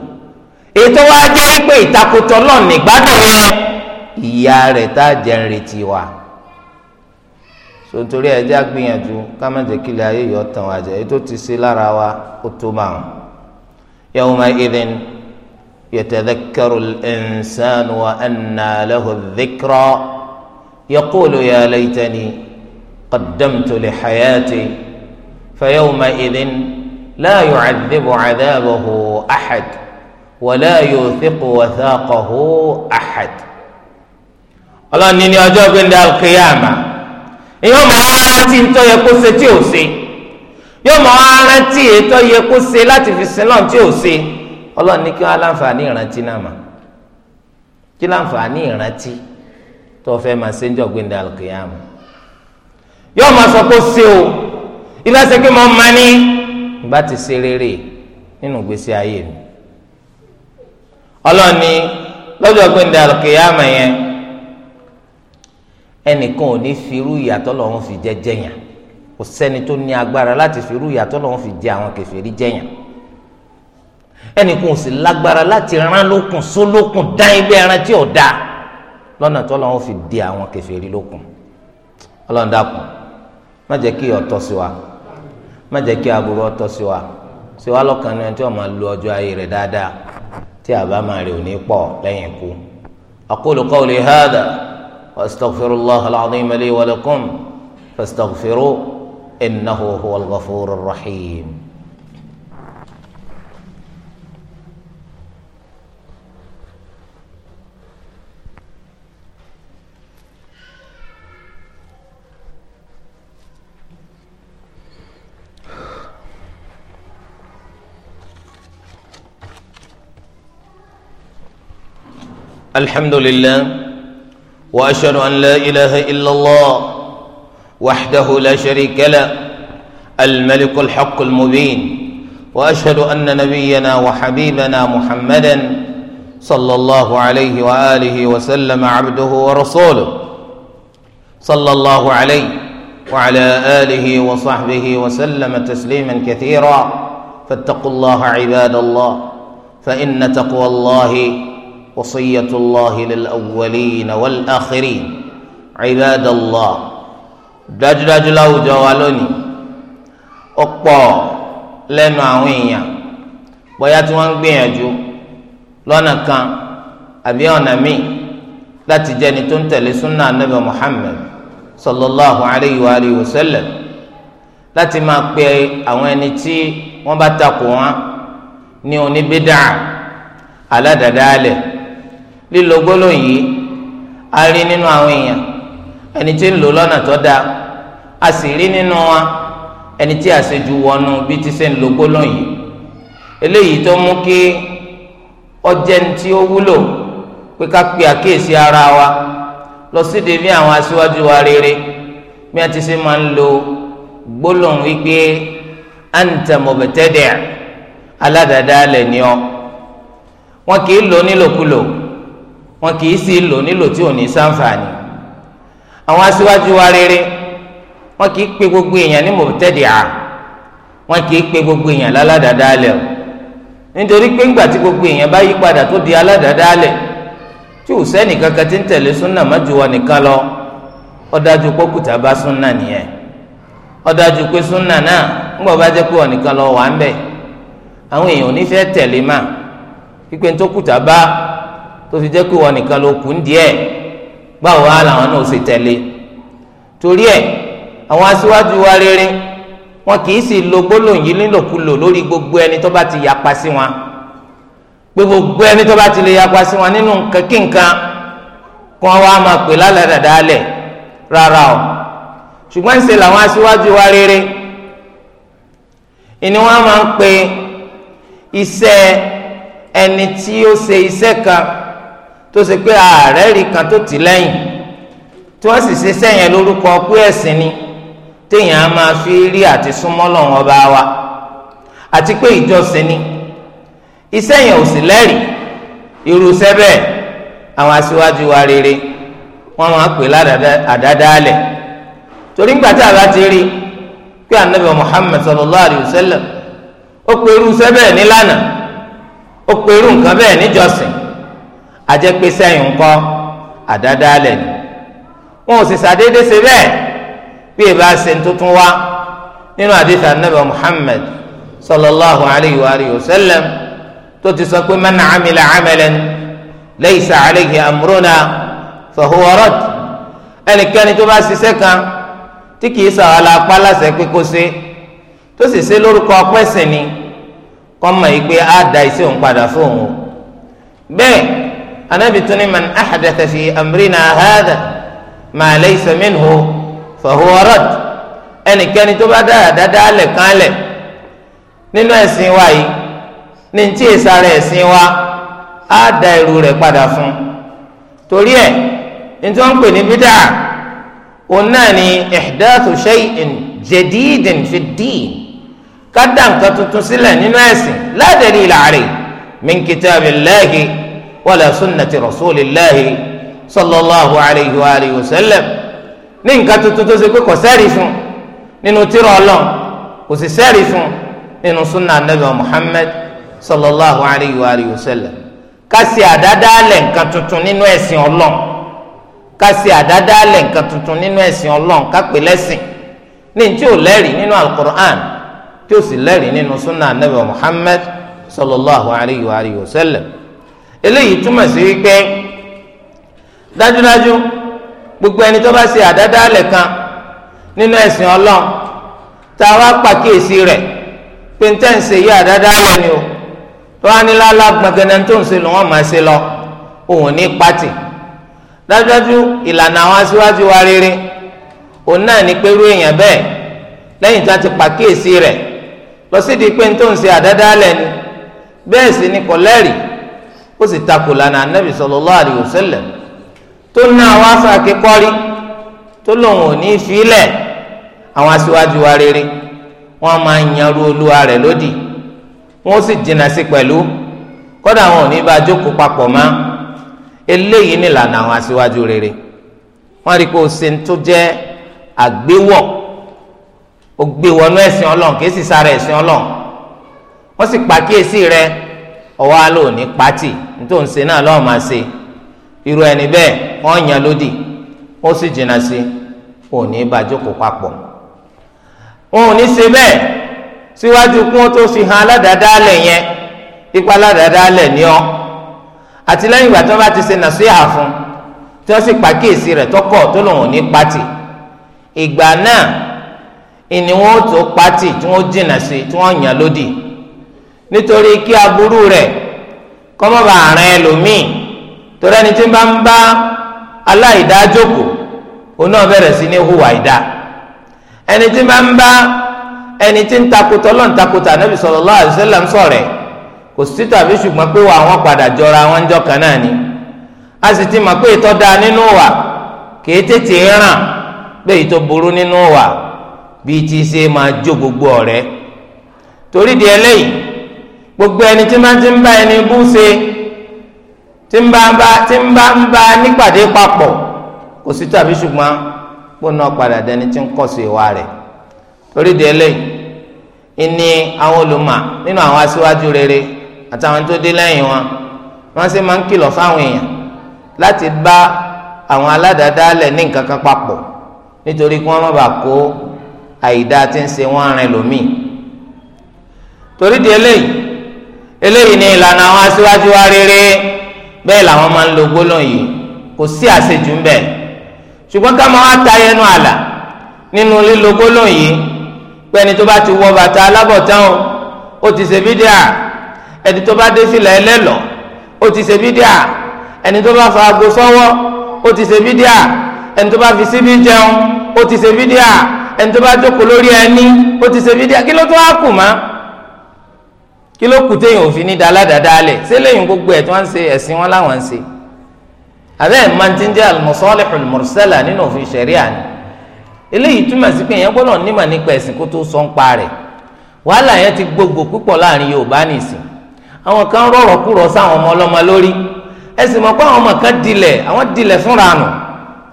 ètò wa jẹ́ pé ìtakùtọ̀ lọ́ọ̀ nígbàdàn yẹn ìyá rẹ̀ tá a jẹ́ ń retí wa sotori ẹ jẹ́ àgbìyànjú ká má jẹ́ kílẹ̀ ayé yọ tàn wá jẹ́ ètò ti sí lára wa ó tó máa ń yawma idhin yatadhakkaru al-insanu wa anna lahu adh-dhikra yaqulu ya laytani qaddamtu li hayati fa yawma la yu'adhibu 'adhabahu ahad wa la yuthiqu wathaqahu ahad. ọlọ́run ní ní ọjọ́ gbẹ̀ndẹ̀ alkiyama yóò máa wá rántí ntọ́ yẹ kó ṣe tí ò ṣe yóò máa wá rántí ètò yẹ kó ṣe láti fi sin lọ́n tí ò ṣe ọlọ́run ní kí wọ́n á láǹfààní ìrántí náà mà kí láǹfààní ìrántí tó fẹ́ máa ṣe ń jọ gbẹ̀ndẹ̀ alkiyama yóò máa sọ kó ṣe o ìlàsẹ̀kí mọ́ mọ́ ni bá ti ṣe rere nínú ìgbésí ayé mi ọlọ́ni lọ́jọ́ pé ní alùkìyàmà yẹn ẹnìkan ò ní fi irú ìyàtọ̀ lọ́wọ́n fi jẹ́ jẹ́yàn kò sẹ́ni tó ní agbára láti fi irú ìyàtọ̀ lọ́wọ́n fi jẹ àwọn kèfèrí jẹ́yàn ẹnìkan ò sì lágbára láti rán lókun sólókun dá ibẹ̀ ẹran tí ò dáa lọ́nà tó lọ́wọ́n fi di àwọn kèfèrí lókun ọlọ́run má jẹ́ kí ọ̀tọ̀ sí wa má jẹ́ kí aburú ọtọ́ sí wa sí wa lọ́kàn ní ẹni tí wọ́n máa lu ọjọ́ ayé rẹ̀ dáadáa tí àbá máa rè òní pọ̀ lẹ́yìn ikú. aqulu qawli hadha wa astaghfirullaha al-azima li wa lakum fastaghfiru rahim. الحمد لله واشهد ان لا اله الا الله وحده لا شريك له الملك الحق المبين واشهد ان نبينا وحبيبنا محمدا صلى الله عليه واله وسلم عبده ورسوله صلى الله عليه وعلى اله وصحبه وسلم تسليما كثيرا فاتقوا الله عباد الله فان تقوى الله وصية الله للأولين والآخرين عباد الله dájúdájú láwùjọ wa lónìí ọ̀pọ̀ lẹ́nu àwọn èèyàn bóyá tí wọ́n ń gbìyànjú lọ́nà kan àbí ọ̀nà míì láti jẹ́ni tó ń tẹ̀lé súnà anábì Muhammad sallallahu alayhi wa alayhi wa sallam láti máa pe àwọn ẹni tí wọ́n bá takò wọn ní oníbídà aládàádáalẹ̀ lílo gbólóhùn yìí a rí nínú àwọn èèyàn ẹni tí ń lò lọ́nà tó dáa a sì rí nínú wa ẹni tí àṣejù wọnú bí ti ṣe ń lo gbólóhùn yìí eléyìí tó mú kí ọjẹ́ ní tí ó wúlò pé ká pe àkíyèsí ara wa lọ síde bí àwọn aṣíwájú wa rere bí a ti ṣe máa ń lo gbólóhùn wípé anta aládàáda lẹ̀ ni ọ́ wọn kì í lò nílòkulò. wọn kì í sì lò nílò tí ò ní sáǹfààní àwọn aṣíwájú wa rere wọn kì í pe gbogbo èèyàn ní mọ̀tẹ́dìá wọn kì í pe gbogbo èèyàn láládàádálẹ̀ o nítorí pé ńgbà tí gbogbo èèyàn bá yí padà tó di aládàádálẹ̀ tí ò sẹ́ni kankan ti ń tẹ̀lé súnà má ju nìkan lọ ó dájú pé kùtà bá súnà nìyẹn dájú pé súnà náà ńgbà bá jẹ́ pé wọn nìkan tó fi jẹ́ pé wọn nìkan ló kù ń díẹ̀ báwo wá làwọn náà ṣe tẹ̀lé torí ẹ̀ àwọn aṣíwájú wa rere wọn kì í sì lo gbólóhùn yìí nílòkulò lórí gbogbo ẹni tó bá ti yapa sí wọn pé gbogbo ẹni tó bá ti lè yapa sí wọn nínú nǹkan kí nǹkan kí wọn wá máa pè lálẹ́ dàda lẹ̀ rárá o ṣùgbọ́n ṣe làwọn aṣíwájú wa rere ìní wọn máa ń pe iṣẹ́ ẹni tí ó ṣe iṣẹ́ kan. tó ṣe pé ààrẹ rí kan tó tì lẹ́yìn tí wọ́n sì ṣe sẹ́yìn lórúkọ pé ẹ̀sìn ni téèyàn á máa fi rí àti súnmọ́ ọba wa àti pé ìjọsìn ni iṣẹ́ yẹn ò sì lẹ́rìí irúṣẹ́ bẹ́ẹ̀ àwọn rere wọ́n máa pè torí ńgbà a bá ti rí pé Muhammad sallallahu alayhi wa sallam ó pe irúṣẹ́ bẹ́ẹ̀ ní lánàá ó ajẹ́ pé sẹ́yìn ńkọ́ àdádálẹ̀ ni wọn ò sì sàdédé ṣe bẹ́ẹ̀ bí ìbá ṣe tuntun wá nínú àdìsí Ànábì Muhammad sallallahu alayhi wa alihi wa sallam tó ti sọ pé man amila amalan laysa alayhi amruna fa huwa radd ẹnikẹ́ni tó bá ṣiṣẹ́ kan tí kìí sọ̀rọ̀ alápá láṣẹ pé kó ṣe tó sì ṣe lórúkọ pẹ́sìn ni kọ́ mọ̀ yìí pé á da iṣẹ́ òun padà fóun o bẹ́ẹ̀ anabi tuni man axadata fi amrina hada maa laysa minhu fahuwa rad ẹnikẹ́ni tó bá dáadáa dálẹ̀ kánlẹ̀ nínú ẹ̀sìn wa yìí ní ntí ìsàrẹ ẹ̀sìn wa á da irú rẹ̀ padà fún torí ẹ̀ ntí wọ́n ń pè ní bídà òun náà ni ihdathu shay'in jadidin fi ddin ká dá tuntun sílẹ̀ nínú ẹ̀sìn la dalila alayhi min kitabillahi wala sunnati rasulillahi sallallahu alayhi wa alayhi wa sallam ní nǹkan tuntun tó ṣe pé kò sẹ́rì fún nínú tírà Ọlọ́run kò sì sẹ́rì fún nínú sunna anabi muhammad sallallahu alayhi wa alayhi wa sallam kasi àdádálẹ̀ nǹkan tuntun nínú ẹ̀sìn Ọlọ́run kasi àdádálẹ̀ nǹkan tuntun nínú ẹ̀sìn Ọlọ́run kápẹ lẹ́sìn ní tí ó lẹ́rìí nínú alukur'an tí ó sì lẹ́rìí nínú sunna anabi muhammad sallallahu alayhi wa alayhi wa sallam eléyìí túmọ̀ sí wípé dájúdájú gbogbo ẹni tó bá ṣe àdádálẹ̀ kan nínú ẹ̀sìn ọlọ́run tá a wá pàkíyèsí rẹ̀ pé ń tẹ̀sí yí àdádálẹ̀ ni o tó wá ní lálá gbọ̀ngàn tó ń ṣe lòun máa ṣe lọ òun ní pátì dájúdájú ìlànà àwọn aṣíwájú wa rere òun náà ní pẹ̀lú èèyàn bẹ́ẹ̀ lẹ́yìn tí a ti pàkíyèsí rẹ̀ lọ sí di pé ń tó ń ṣe àdádálẹ̀ ni bẹ́ẹ̀ sì ni kò lẹ́rìí ó sì takò lànà anabi sallallahu alayhi wa sallam tó ná àwọn aṣọ akẹ́kọ̀ọ́rí tó lòun ò ní í filẹ̀ àwọn aṣíwájú wa rere wọ́n máa ń yanru olúwa rẹ̀ lódì wọ́n sì jìnnà sí pẹ̀lú kódà wọn ò ní bá jókòó papọ̀ mọ́ eléyìí nìlànà àwọn aṣíwájú rere wọ́n rí i pé o ṣe ń tó jẹ́ àgbéwọ̀ o gbé wọnú ẹ̀sìn ọlọ́run kì sì sára ẹ̀sìn ọlọ́run wọ́n sì pàkíyèsí rẹ̀ ọwọ́ àlò ní pátì nítorí ṣe náà lọ́wọ́ máa ṣe irú ẹni bẹ́ẹ̀ wọ́n yàn lódì ó sì jìnnà sí òní ìbàjókòó papọ̀ òun ní ṣe bẹ́ẹ̀ síwájú kí wọ́n tó fi hàn aládàádáálẹ̀ yẹn ipa aládàádáálẹ̀ ni ọ́ àti lẹ́yìn ìgbà tó bá ti ṣe tí wọ́n sì rẹ̀ tó lòun ní ìgbà náà tó tí wọ́n jìnnà sí tí wọ́n nítorí kí aburú rẹ̀ kọ́mọ́bà àrùn ẹlòmíì torí ẹni tí ń bá ń bá aláìdá jókòó òun náà bẹ̀rẹ̀ sí ní hùwà ìdá ẹni tí ń bá ń bá ẹni tí ń takùtà ọlọ́run takùtà ànábì sallallahu alaihi wasallam sọ̀rẹ̀ kò sí tàbí ṣùgbọ́n pé wà wọ́n padà jọra wọn jọ kan náà ni a sì ti mọ̀ pé ìtọ́ da nínú wà kì í tètè ràn pé ìtọ́ burú nínú wà bíi ti ṣe máa jó gbogbo ọ̀rẹ́ torí di eléyìí gbogbo ẹni tí máa ti ń bá ẹni bú ṣe tí ń bá ń bá tí ń bá ń bá nípàdé papọ̀ kò sí tàbí ṣùgbọ́n gbóná padà dẹni tí ń kọ̀ sí ìwà rẹ̀ torí délé ìní àwọn olùmọ̀ nínú àwọn aṣíwájú rere àtàwọn tó dé lẹ́yìn wọn wọ́n sì máa ń kìlọ̀ fáwọn èèyàn láti bá àwọn aládàádáálẹ̀ ní nǹkan kan papọ̀ nítorí kí wọ́n má bàa kó àìdá tí ń ṣe wọ́n rìn lómìn torí délé yìí eléyìí ni ìlànà àwọn aṣíwájú wa rere bẹ́ẹ̀ làwọn máa ń lo gbólóhùn yìí kò sí àṣejù ńbẹ̀ ṣùgbọ́n ká máa wá ta ẹnu àlà nínú lílo gbólóhùn yìí pé ẹni tó bá ti wọ bàtà alábọ̀tán o ó ti ṣe bídíà ẹni tó bá dé sílẹ̀ ẹlẹ́lọ̀ ó ti ṣe bídíà ẹni tó bá fa aago sọ́wọ́ ó ti ṣe bídíà ẹni tó bá fi síbí jẹun ó ti ṣe bídíà ẹni tó bá jókòó lórí ẹni ó ti ṣe bídíà kí ló tó wá kù máa kí ló kù téèyàn òfin ní daládàáda lẹ̀ ṣé lẹ́yìn gbogbo ẹ̀ tí wọ́n ń ṣe ẹ̀sìn wọn láwọn ń ṣe àbẹ́ ẹ̀ máa ti ń jẹ́ al-masalihul mursala nínú òfin ṣẹ̀ríà ni eléyìí túmọ̀ sí pé èèyàn gbọ́dọ̀ nímọ̀ nípa ẹ̀sìn kó tó sọ ń pa rẹ̀ wàhálà yẹn ti gbogbo púpọ̀ láàrin Yorùbá nìsín àwọn kan rọ̀rọ̀ kúrọ̀ sáwọn ọmọ ọlọ́mọ lórí ẹ̀sìn mọ̀ pé àwọn ọmọ kan dilẹ̀ àwọn dilẹ̀ fúnra nù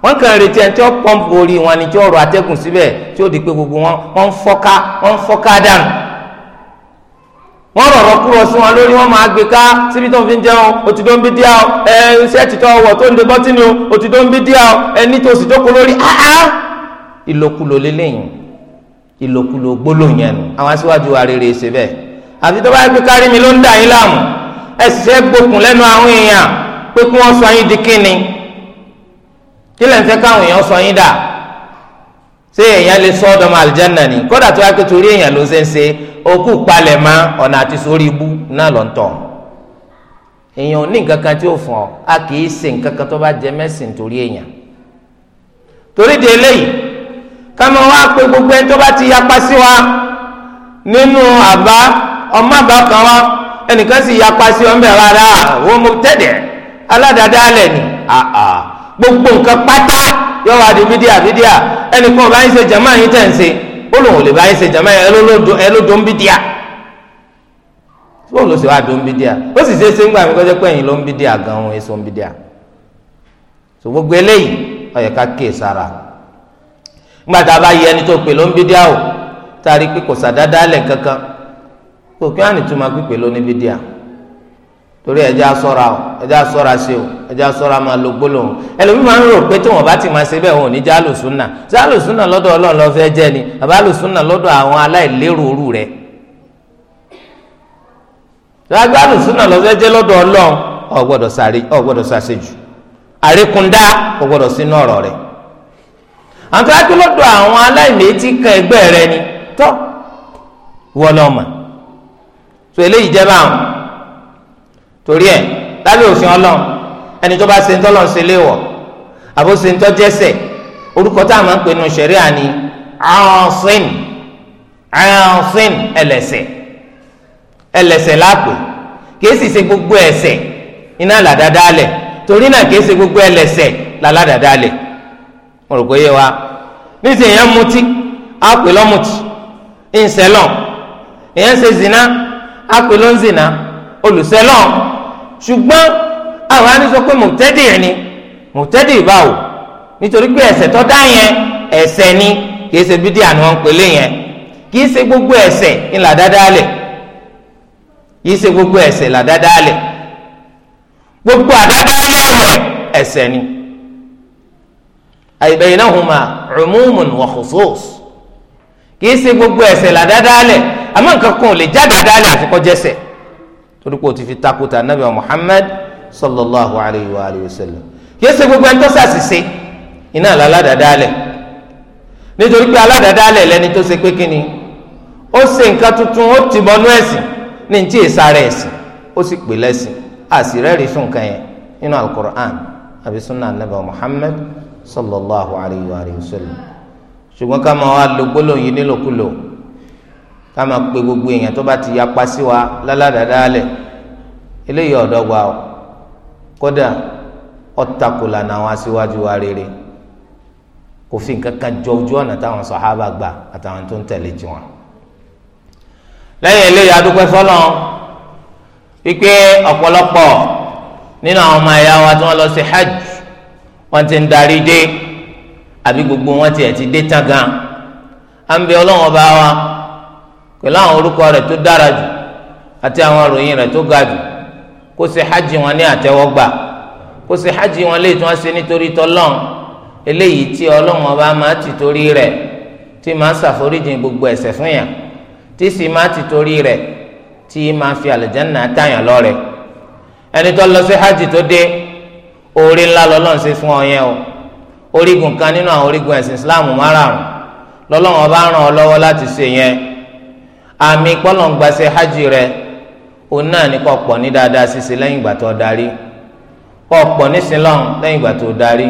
wọn kàn retí ẹni tí wọn pọmpu orí wọn ni tí wọn rọ atẹ́gùn síbẹ̀ tí ó di pé gbogbo wọn wọn ń wọn ń dànù wọ́n rọ̀rọ̀ kúrọ̀ sí wọn lórí wọ́n máa gbé ká síbi tó ń fi jẹun òtítọ́ ń bí díà ọ ẹ iṣẹ́ títọ́ ọwọ́ tó ń de bọ́tínì o òtítọ́ ń bí díà ọ ẹ nítòsí tó kó lórí áá ìlòkulò lélẹ́yìn ìlòkulò gbólóyìn ẹnu àwọn aṣíwájú wa rere ṣe bẹ́ẹ̀ àfi tó bá gbé kárí mi ló ń dà yín láàmú ẹ sì ṣe gbókun lẹ́nu àwọn èèyàn pé kí wọ́n sọ yín di kíni kí lẹ́ǹfẹ́ Se èèyàn lè sọ ọdọmọ àlìjáná ni kódà tó wá pé torí èèyàn ló ṣe ń ṣe òkú palẹ̀ mọ́ ọ̀nà àti sórí ibú náà lọ́ ń tọ̀ èèyàn ò ní nǹkan kan tí ó fún ọ a kì í ṣe nǹkan kan tó bá jẹ mẹ́sìn torí èèyàn torí de eléyìí ká wá pé gbogbo ẹni tó bá ti yapa sí wa nínú àbá ọmọ àbá kan wá ẹnìkan sì yapa sí ọmọ ẹ̀ rárá wọ́n mo tẹ̀dẹ̀ aládàáda alẹ̀ ni àà. Ah, ah gbogbo nǹkan pátá yóò wá di bídíà bídíà ẹnì kan bá ń ṣe jama yín tẹ̀ ń ṣe ó lòun ò lè bá ń ṣe jama yín ẹ ló dún bídíà ó lọ sí wá dún bídíà ó sì ṣe é ṣe ń gbà mí kọjá pé ẹ̀yin ló ń bídíà gan ohun èso ń bídíà so gbogbo eléyìí ó ká kíyè sára nígbà tá a bá yẹ ẹni tó pè ló ń bídíà o tá a rí pé kò sàdáadáa lẹ̀ kankan kò kí wọ́n á nìtúmọ̀ pípé ló ní bídíà torí ẹ̀jẹ̀ ẹjẹ asọ́ra máa lo gbólóhùn ẹlòmíì máa ń rò pé tí wọn bá ti máa ṣe bẹ́ẹ̀ wọn ò ní jẹ́ àlùsùnà ṣé àlùsùnà lọ́dọ̀ ọlọ́run ló fẹ́ jẹ́ ni àbá àlùsùnà lọ́dọ̀ àwọn aláìlérò òru rẹ̀ ṣáájú àlùsùnà ló fẹ́ jẹ́ lọ́dọ̀ ọlọ́run ò gbọ́dọ̀ ṣàṣejù àríkúndá ò gbọ́dọ̀ sínú ọ̀rọ̀ rẹ̀ àti wájú lọ́dọ̀ àwọn aláìlétí kan ẹgbẹ́ rẹ ni tọ́ wọlọ́mà tó eléyìí jẹ́ báwọn torí ẹ̀ lábẹ́ òfin ọlọ́run ẹni tó bá ṣe ń tọ́lọ̀ ń ṣe léwọ̀ àbó ṣe ń tọ́jẹ́sẹ̀ orúkọ tá a máa ń pè nu ṣẹ̀ríà ni ọ̀sìn ọ̀sìn ẹlẹ́sẹ̀ ẹlẹ́sẹ̀ lápè kìí sì gbogbo ẹ̀ṣẹ̀ iná làdáadáa lẹ̀ torí náà kìí gbogbo ẹlẹ́ṣẹ̀ làládàádáa lẹ̀ mo rò pé yé wa níṣẹ́ èèyàn mutí á pè lọ́mùtì ìǹsẹ̀lọ̀ èèyàn ṣe zina á pè ló zina olùsẹ̀lọ̀ ṣùgbọ́n àwọn àni sọ pé mọ̀tẹ́dì ni mọ̀tẹ́dì báwo nítorí pé ẹ̀ṣẹ̀ tó dá yẹn ẹ̀ṣẹ̀ ni kìí ṣe bídíà ni wọ́n ń pèlè yẹn kìí ṣe gbogbo ẹ̀ṣẹ̀ ńlá dáadáa lẹ̀ kìí ṣe gbogbo ẹ̀ṣẹ̀ ńlá dáadáa lẹ̀ gbogbo àdáadáa lẹ̀ wẹ̀ ẹ̀ṣẹ̀ ni. baynahuma umumun wa khusus kìí ṣe gbogbo ẹ̀ṣẹ̀ ńlá dáadáa lẹ̀ àmọ́ nǹkan kan ò lè já dáadáa lẹ̀ àfikọ́ torí pé o ti fi takùtà nàbẹ̀ Muhammad sallallahu alayhi wa alayhi wa sallam yẹ ṣe gbogbo ẹni tó ṣàṣìṣe iná aládàádálẹ̀ nítorí pé aládàádálẹ̀ lẹni tó ṣe pé kíni ó ṣe nǹkan tuntun ó ti bọnú ẹ̀sìn ní ti ìsàrẹ̀ ẹ̀sìn ó sì pè lẹ́sìn àṣìrẹ́rì fún nǹkan yẹn nínú alukur'an àbí sunnah anabi muhammad sallallahu alayhi wa alayhi wa sallam ṣùgbọ́n ká máa wá lo yìí nílòkulò ká máa pe gbogbo èèyàn tó bá ti yapa sí wa láládàádálẹ̀ eléyìí ọ̀dọ́gba o kódà ọ̀tàkùlà làwọn aṣíwájú wa rere kò fi nǹkan kan jọ ojú ọ̀nà táwọn sọ̀hábà gbà àtàwọn tó ń tẹ̀lé tiwọn. lẹ́yìn eléyìí adúpẹ́ fọ́lọ́ wípé ọ̀pọ̀lọpọ̀ nínú àwọn ọmọ ẹ̀yà wa tí wọ́n lọ sí hajj wọ́n ti ń darí dé àbí gbogbo wọn tiẹ̀ ti dé tán gan à ń bẹ ọlọ́run ọba wa pẹ̀lú àwọn orúkọ rẹ̀ tó dára jù àti àwọn ìròyìn rẹ̀ tó ga jù kó ṣe hajj wọn ní àtẹ́wọ́gbà kó ṣe hajj wọn léyìí tí wọ́n ṣe nítorí tọ́lọ́n eléyìí tí ọlọ́run ọba máa ti torí rẹ̀ tí máa ṣàforíjì gbogbo ẹ̀ṣẹ̀ fún yàn tí sì máa ti torí rẹ̀ tí máa fi àlùjánnà táyàn lọ́rẹ̀ ẹni tó lọ sí hajj tó dé orí ńlá lọ́lọ́run ṣe fún ọ o orígun kan nínú àwọn orígun ẹ̀sìn Islam márààrún lọ́lọ́run ọba ràn ọ lọ́wọ́ láti ṣe yẹn àmì pọ́lọ̀ ń gbàṣẹ hajj rẹ̀ òun náà ni kó pọ̀ ní dáadáa ṣíṣe lẹ́yìn ìgbà tó darí kó pọ̀ ní sinlọ́n lẹ́yìn ìgbà tó darí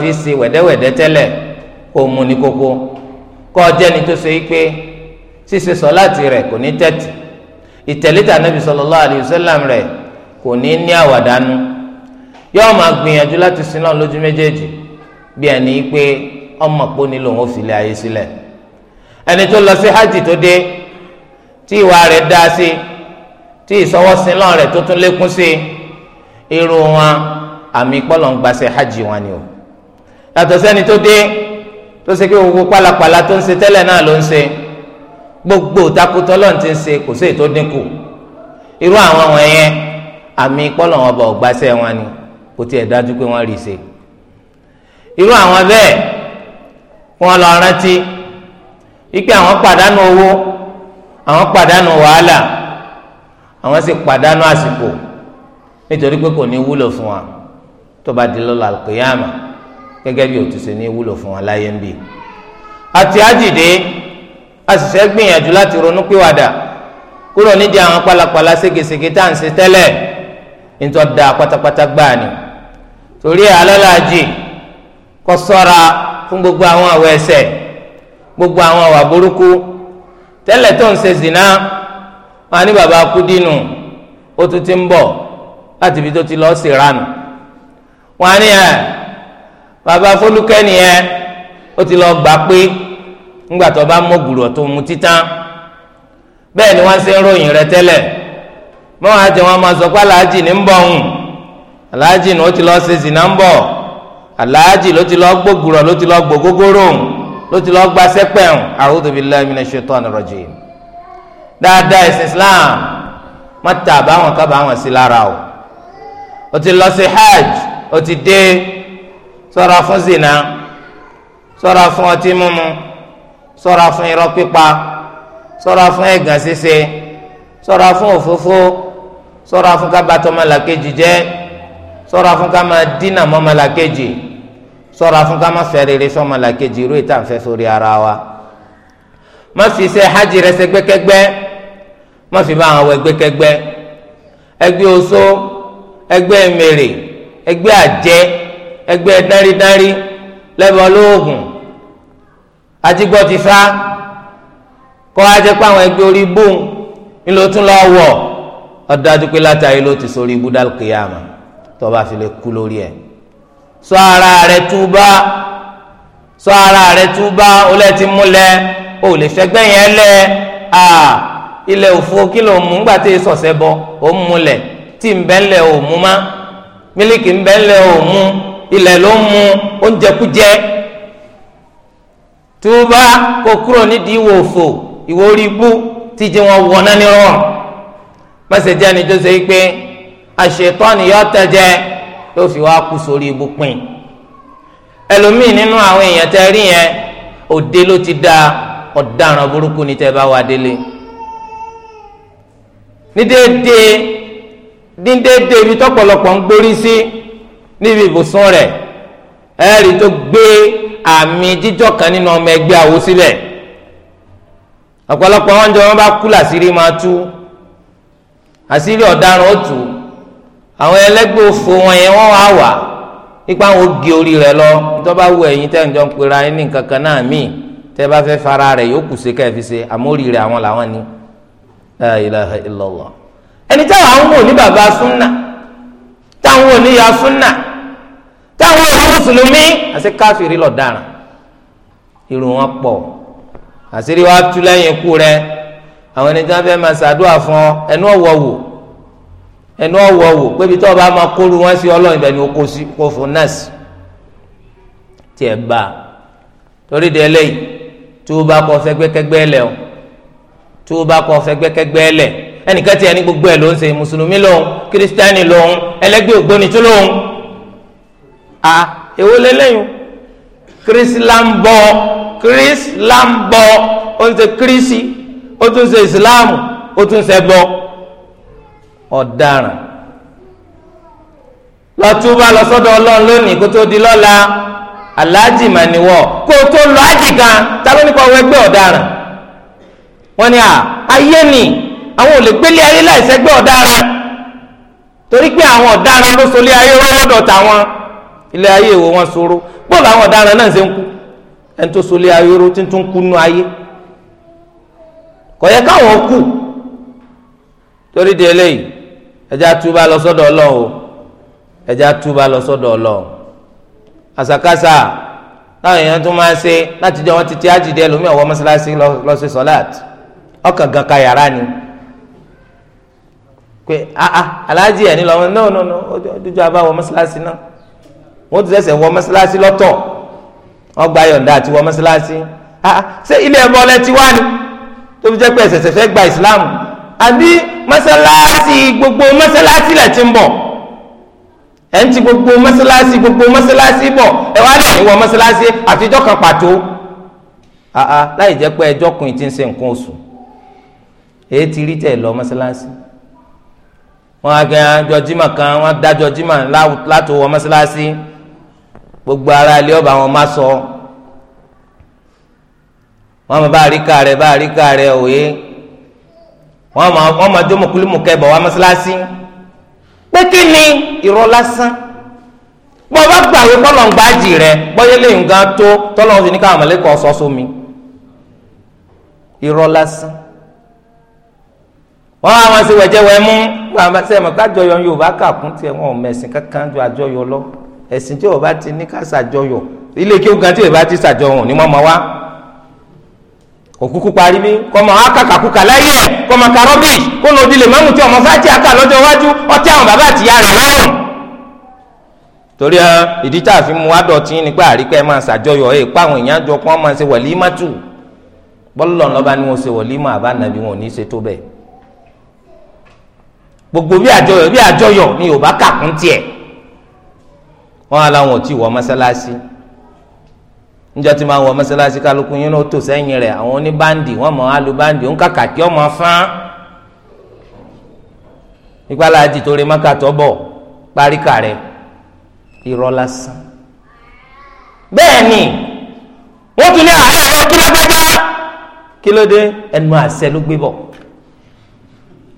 fi ṣe wẹ̀dẹ́wẹ̀dẹ́ tẹ́lẹ̀ kó mu ní kókó kó jẹ́ni tó ṣe pé ṣíṣe rẹ̀ kò ní tẹ̀tì ìtẹ̀lẹ́tà nàbì sallallahu alayhi wa rẹ̀ kò ní ní àwàdánù yóò máa gbìyànjú láti sinlọ́n lójú méjèèjì bí ẹni pé ọmọ pọ́ nílò òun ò ayé sílẹ̀ ẹni tó lọ tí ìwà rẹ̀ dá sí tí ìsọwọ́sínlọ́n rẹ̀ tó tún lékún sí irú wọn àmì pọ́lọ̀ ń gbaṣẹ́ hajj wọn ni o yàtọ̀ sẹ́ni tó dé tó ṣe pé gbogbo pálapàla tó ń ṣe tẹ́lẹ̀ náà ló ń ṣe gbogbo takutọ́ lọ́n ti ń ṣe kò sí ètò dínkù irú àwọn wọ̀nyẹn àmì pọ́lọ̀ wọn wọn ni kò tiẹ̀ dájú pé wọ́n rí i ṣe irú àwọn bẹ́ẹ̀ wọ́n lọ rántí wípé àwọn pàdánù owó àwọn pàdánù wàhálà àwọn sì pàdánù àsìkò nítorí pé kò ní wúlò fún wa tó bá di lọ́la àlùkìyàmà gẹ́gẹ́ bí òtúnṣe ní wúlò fún wa láyé ń bì. àti àjìdé a sì ṣe gbìyànjú láti ronú pìwàdà kúrò nídìí àwọn pálapàla ségesège tá à ń ṣe tẹ́lẹ̀ nítorí da pátápátá gbáà ni torí ẹ̀ alálàájì kó ṣọ́ra fún gbogbo àwọn àwọ̀ ẹ̀ṣẹ̀ gbogbo àwọn àwà burúkú. tẹ́lẹ̀ tó ń ṣe zina wọn ní baba kudinu ó tún ti ń bọ̀ láti ibi tó ti lọ sí ranù wọn ẹ baba ti gbà pé ńgbà tó bá tó ni wọ́n ṣe ń ròyìn rẹ tẹ́lẹ̀ àti wọn máa sọ pé ní ń bọ̀ ni ti lọ ṣe zina ń bọ̀ ló ti ló ti lọ gba sẹpẹrun a'udhu billahi minash shaitani rajim dáadáa ẹsìn islam má ta àbáwọn kábà àwọn sí lára o o ti lọ sí hajj o ti dé ṣọ́ra fún zina ṣọ́ra fún ọtí mímu ṣọ́ra fún irọ́ pípa ṣọ́ra fún ẹ̀gàn ṣíṣe ṣọ́ra fún òfófó ṣọ́ra fún kábàtọ ọmọlàkejì jẹ ṣọ́ra fún ká dínà mọ́ ọmọlàkejì. sọra fún ká má fẹ́ rere sọ́mọ làkejì irú ìta nfẹ́ sórí ara wa má fi ise hajj rẹ ṣe gbẹ́kẹ́gbẹ́ má fi bá àwọn egbe gbẹ́kẹ́gbẹ́ egbe oṣó egbe mèrè ẹgbẹ́ àjẹ́ ẹgbẹ́ dáridári lẹ́bọ̀ lóògùn àtìgbọ́ ti sá kọ́ ajẹ́ pé àwọn ẹgbẹ́ orí bóun ńlọ lọ wọ̀ ọ̀dájú pé látàrí ló ti sórí ibùdó àlùkìyàmà tó bá fi lè kú sọ ara rẹ túbá sọ ara rẹ olè ti múlẹ̀ o lè fẹgbẹ yẹn lẹ a ilẹ̀ òfo kí ló mú gbà tí sọ̀sẹ̀ bọ ó múlẹ̀ tí ń bẹ́ ńlẹ̀ ò mú má mílíkì ń bẹ́ ńlẹ̀ ò mú ilẹ̀ ló ń mú oúnjẹkújẹ túbá kó kúrò nídìí ìwò òfò ìwò orí tíjì wọn wọná ni tó pé àṣetọ́ ni yọ tẹ̀ yóò fi wá kú sórí ibu pin ẹlòmíì nínú àwọn èèyàn tẹ rí yẹn òde ló ti da ọ̀daràn burúkú ni tẹ bá wà délé ní déédéé ní déédéé ibi tọ́pọ̀lọpọ̀ ń gborí sí níbi ibùsùn rẹ̀ ẹ̀rí tó gbé àmì jíjọ́ kan nínú ọmọ ẹgbẹ́ àwo síbẹ̀ ọ̀pọ̀lọpọ̀ wọn jọ wọn bá kú làṣírí máa tú àṣírí ó tù ú àwọn ẹlẹgbẹ́ òfò wọn yẹn wọ́n wá wà ipa àwọn oge orí rẹ lọ tó bá wù ẹ̀yin tẹ́ ń jọ ń pera ẹni kankan náà míì tẹ́ bá fẹ́ fara rẹ̀ yóò kù sí kẹfì sí àmórí rẹ̀ àwọn làwọn ni la ilaha illallah ẹni táwọn àwọn wò ní baba súnà táwọn wò ní ya súnà táwọn wò ní mùsùlùmí àti káfíìrì lọ dáràn irun wọn pọ̀ àṣírí wa tú lẹ́yìn ikú rẹ̀ àwọn ẹni tí wọ́n fẹ́ máa ṣàdúrà fún ẹnu ọwọ ẹnu ọ̀wọ̀ wò pé ibi tó o bá máa kóru wọn sí ọlọ́run ibẹ̀ ni o kó sí kó fún nọ́ọ̀sì tiẹ̀ bá a torí de eléyìí tí o bá kọ fẹgbẹ́kẹgbẹ́ lẹ̀ o tí o bá kọ fẹgbẹ́kẹgbẹ́ lẹ̀ ẹnìkan tiẹ̀ ní gbogbo ẹ̀ ló ń ṣe mùsùlùmí lòun kírísítẹ́nì lòun ẹlẹ́gbẹ́ ògbóni tó lòun a èwo lélẹ́yìn kírísílámbọ̀ kírísílámbọ̀ ó ń ṣe kírísì ó tún ṣe ìsìláàmù ó tún ṣe bọ́. ọ̀daràn lọ́túbà lọ́sọ́dọ̀ ọlọ́run lónìí kó tó di lọ́la aláàjì mà níwọ̀ kó tó lọ ájì kan ta ló nípa ọwọ́ ẹgbẹ́ ọ̀daràn wọ́n ní à ayé ni àwọn ò lè gbélé ayé láìsẹ́ gbé ọ̀daràn torí pé àwọn ọ̀daràn ló solé ayé rọ́wọ́dọ̀ wọn ilé ayé ìwò wọn ṣòro bóòlù àwọn ọ̀daràn náà ṣe ń kú ẹni tó solé ayé ró tí ń tún kú nú ayé kò yẹ káwọn kú torí di eléyìí ẹja túbà lọ sọ́dọ̀ Ọlọ́run o ẹja túbà lọ sọ́dọ̀ Ọlọ́run àṣàkáṣà táwọn èèyàn tún máa ń ṣe láti jẹ wọn ti tí ájìdí ẹlòmíì ọwọ́ mọ́ṣáláṣí lọ sí sọláàt ọkàn gan ka yàrá ni pé aa ah, ah, aláàjì ẹ̀ ní lọ́wọ́ náà náà náà ojújọ́ abá wọ mọ́ṣáláṣí náà wọ́n ti sẹ̀sẹ̀ wọ mọ́ṣáláṣí lọ́tọ̀ wọ́n gba yọ̀ǹda àti wọ mọ́ṣáláṣí aa ah, ṣé ilé ẹ̀mọ́ ọlẹ́ ti wá ni tó fi jẹ́ pé ẹ̀sẹ̀sẹ̀ fẹ́ gba ìsìláàmù àbí mọ́sálásí gbogbo mọ́sálásí lẹ̀ ti ń bọ̀ ẹ̀ ń ti gbogbo mọ́sálásí gbogbo mọ́sálásí bọ̀ ẹ wá lè wọ mọ́sálásí àtijọ́ kan pàtó àà láì jẹ́ pé ẹjọ́ kun ti ń ṣe nǹkan oṣù èyí ti rí tẹ̀ lọ mọ́sálásí wọn á gẹ jọjima kan wọn dá jọjima láti wọ mọ́sálásí gbogbo ara ilé ọba wọn má sọ wọn bá rí ká rẹ bá rí ká rẹ òye wọn máa wọn máa jómọ kúlímù kẹbọ wọn mọ́sálásí pé kí ni irọ́ lásán bọ́ bá gbàgbé kọ́lọ̀ ń gbájì rẹ bọ́yẹ́ lè ń gan tó tọ́lọ́ ti ní káwọn mọ̀lẹ́kọ̀ọ́ sọ sómi irọ́ lásán wọ́n á máa ṣe wẹ̀jẹ̀wẹ̀ mú gbàgbà sẹ́yìn mọ̀ kájọyọ̀ Yorùbá kàkún tiẹ̀ wọn ò mẹ̀sìn kankan ju àjọyọ̀ lọ ẹ̀sìn tí Yorùbá ti ní ká ṣàjọyọ̀ ilé kí ó gan tí Yorùbá ti ṣàjọyọ̀ ni wọ́n máa wá òkúkú parí mi kọmọ akàkàkùkà láyé ẹ kọmọ karọbì kọmọ òdìlẹ mọmù tí ọmọ fàtí àkà lọ́jọ́ iwájú ọtí àwọn bàbá àtìyá rẹ lọ́rùn. torí ẹ ìdí tá a fi mu adọ̀tí nípa àríkà ẹ máa ṣàjọyọ̀ ẹ pa àwọn èèyàn jọ kó wọn máa ṣe wàlímà tù bọ́lọ̀ lọ́ba ni wọ́n ṣe wàlímà àbá nàbí wọn ò ní í ṣe tó bẹ́ẹ̀. gbogbo bí àjọyọ̀ bí àjọyọ̀ ni Yorùbá kà kún tiẹ̀ wọ́n á láwọn ò tí ì wọ níjọ́ tí máa wọ mọ́sálásí kálukú yín náà tò sẹ́yìn rẹ̀ àwọn oníbàǹdì wọ́n mọ̀ á lu bàǹdì ó ń kàkà kí ọmọ fán ìpàlà àti torí mọ́kàtọ́ bọ̀ paríkà rẹ̀ irọ́ lásán bẹ́ẹ̀ ni wọ́n tún ní àárẹ̀ ẹ̀rọ kí lágbájá kí ló dé ẹnu àṣẹ ló gbé bọ̀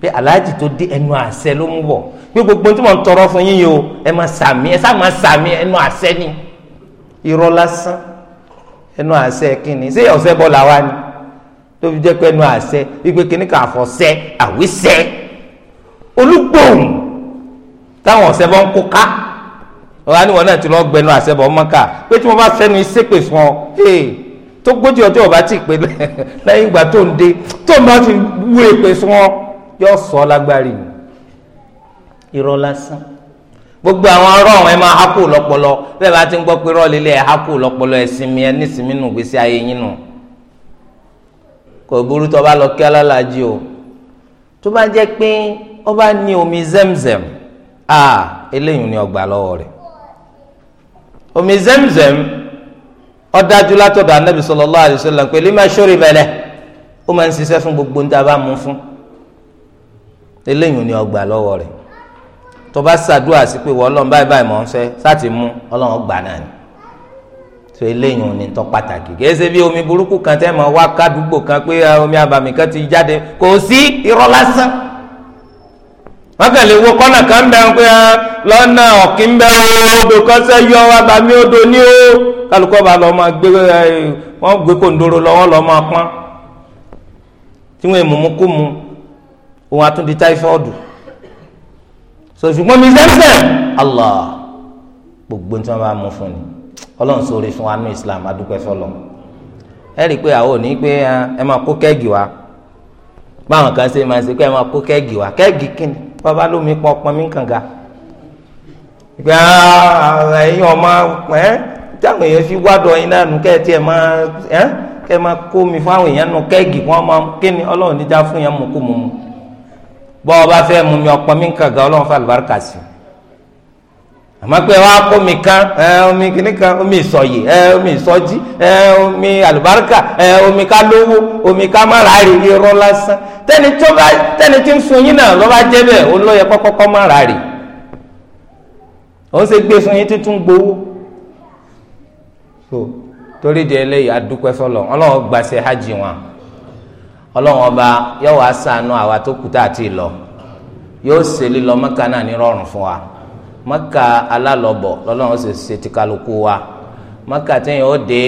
pé aláàjì tó dé ẹnu àṣẹ ló mú bọ̀ pé gbogbo tí mo ń tọrọ fún yín yìí o ẹ máa sàmì ẹ sá máa sàmì ẹnu àṣẹ ni irọ́ lásán ẹnu àṣẹ kínni ṣé ọ̀sẹ̀ bọ́ làwa ni tó fi jẹ́ pé ẹnu àṣẹ wípé kínní kan àfọ̀ṣẹ àwíṣẹ olúgbòhùn táwọn ọ̀sẹ̀ bọ́ ń kó ká ọ̀rá níwọ̀n náà ti lọ́ọ́ gbẹnu àṣẹ bọ́ mọ́ká pé tí mo bá fẹ́nu ìṣépè fún ọ tó gbójú ọjọ́ ọba tí ì pé lẹ́yìn ìgbà tó ń dé tó ń bá fi wú èpè fún ọ yóò sọ ọ lágbárí irọ́ lásán gbogbo àwọn ọ̀rọ̀ wọn ẹ máa hákù lọ́pọlọ bẹ́ẹ̀ bá ti ń gbọ́ pé rọọlì lẹ hákù lọ́pọlọ ẹsìn mi ẹ nísìmí nù gbèsè ayé yín nù kò burú tó bá lọ kí alálàájì o tó bá jẹ́ pé ó bá ní omi zemzem a eléyìí ni ọgbà lọ́wọ́ rẹ̀ omi zemzem ó dájú anabi sallallahu alaihi wasallam pé lima shuriba lahu ó máa ń ṣiṣẹ́ fún gbogbo níta bá mú fún eléyìí ni ọgbà lọ́wọ́ rẹ̀ tó bá ṣàdúrà sí pé wọ́n ọlọ́run báyìí báyìí mọ̀ ń sáti mú ọlọ́run gbà náà ni tó eléyìí ò ní pàtàkì kìí bí omi burúkú kan tẹ́ mọ̀ wá kádùúgbò kan pé ah, omi abàmì kan ti jáde kò sí irọ́ lásán wọ́n kàn lè wo kọ́nà kan bẹ́ẹ̀ pé ah, lọ́nà ọ̀kín bẹ́ẹ̀ odò kan ṣe yọ abàmì odò ní o kálukọ́ bá lọ́ máa gbé wọ́n gbé kòǹdóró lọ́wọ́ lọ́ máa pọ́n tí wọ́n èmùmú kú mu òun àtúndì táífọ́ọ̀dù so ṣùgbọ́n mi Zamzam Allah gbogbo tí wọ́n bá mú fún ni ọlọ́run sóore fún wa Islam adúpẹ́ fọlọ́ ẹ rí i pé àwọn ò pé ẹ máa kó kẹ́ẹ̀gì wa báwọn kan ṣe máa ṣe pé ẹ máa kó wa kíni bàbá lómi mí ìgbà ẹ̀yin ọmọ táwọn èèyàn fi wádọ̀ yín náà ẹ ẹ máa kó mi fún àwọn èèyàn nù wọn máa kíni bọ́ ọ bá fẹ́ mú mi ọ̀pọ̀ mi nǹkan gan ọlọ́run fún àlùbáríkà sí i àmọ́ pé wàá kó mi kan ẹ omi kìíní kan omi ìsọ̀yè ẹ omi ìsọjí ẹ omi àlùbáríkà ẹ omi ká lówó omi ká má ra rè irọ́ lásán tẹ́ni tó bá tẹ́ni tí ń fún yín náà lọ́ba jẹ́ bẹ́ẹ̀ olóyè kọ́kọ́kọ́ má ra rè òun ṣe gbé fún yín títún gbowó torí di ẹlẹ́yìí adúpẹ́ fọlọ́ ọlọ́run gbàṣẹ hajj wọn ọlọ́run ọba yóò wá ṣàánú àwa tó kù tá a ti lọ yóò ṣe lílọ mẹ́ka náà ní rọrùn fún wa mẹ́ka alálọ́bọ̀ lọ́lọ́run ṣe ṣe ti kálukú wa mẹ́ka tẹ́yìn ó dé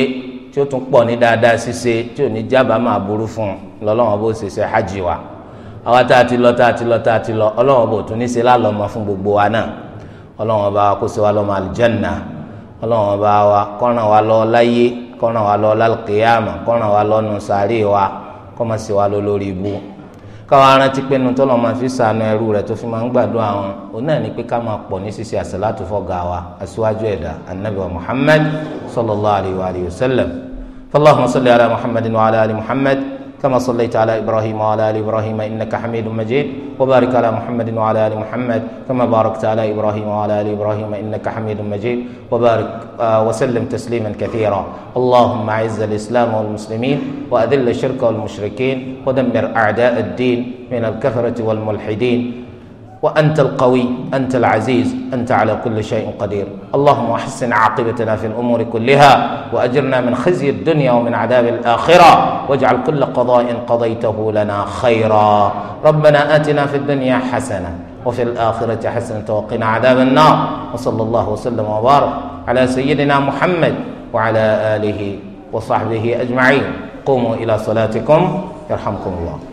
tí ó tún pọ̀ ní dáadáa ṣíṣe tí ò ní jábàá máa burú fún un lọ́lọ́run ọba ó ṣe ṣe hajj wa àwa tá a ti lọ tá a ti lọ tá a ti lọ ọlọ́run ọba ò tún ní ṣe lálọ́mọ fún gbogbo wa náà ọlọ́run ọba kó ṣe wa lọ́mọ ọlọ́run ọba wa kọ́ràn wa lọ láyé kọ́ràn wa lọ lálùkìyàmà kọ́ràn wa lọ́nu sàárè wa kọ́mọ sí wa lórí ibú káwọn arántí pé nùtọ́ lọ́ọ́ máa fi sànù ẹrú rẹ̀ tó fi máa ń gbàdúrà wọn òun náà ní pé ká máa pọ̀ ní ṣíṣe àṣàlátù fọ́gà wa aṣíwájú ẹ̀dá anabi wa sallallahu alayhi wa sallam fọlọ́hùn sọlẹ̀ ala muhammadin wa ala ali muhammad. كما صليت على إبراهيم وعلى آل إبراهيم إنك حميد مجيد وبارك على محمد وعلى آل محمد كما باركت على إبراهيم وعلى آل إبراهيم إنك حميد مجيد وبارك آه، وسلم تسليما كثيرا اللهم أعز الإسلام والمسلمين وأذل الشرك والمشركين ودمر أعداء الدين من الكفرة والملحدين وأنت القوي أنت العزيز أنت على كل شيء قدير اللهم أحسن عاقبتنا في الأمور كلها وأجرنا من خزي الدنيا ومن عذاب الآخرة واجعل كل قضاء قضيته لنا خيرا ربنا آتنا في الدنيا حسنة وفي الآخرة حسنة وقنا عذاب النار وصلى الله وسلم وبارك على سيدنا محمد وعلى آله وصحبه أجمعين قوموا إلى صلاتكم يرحمكم الله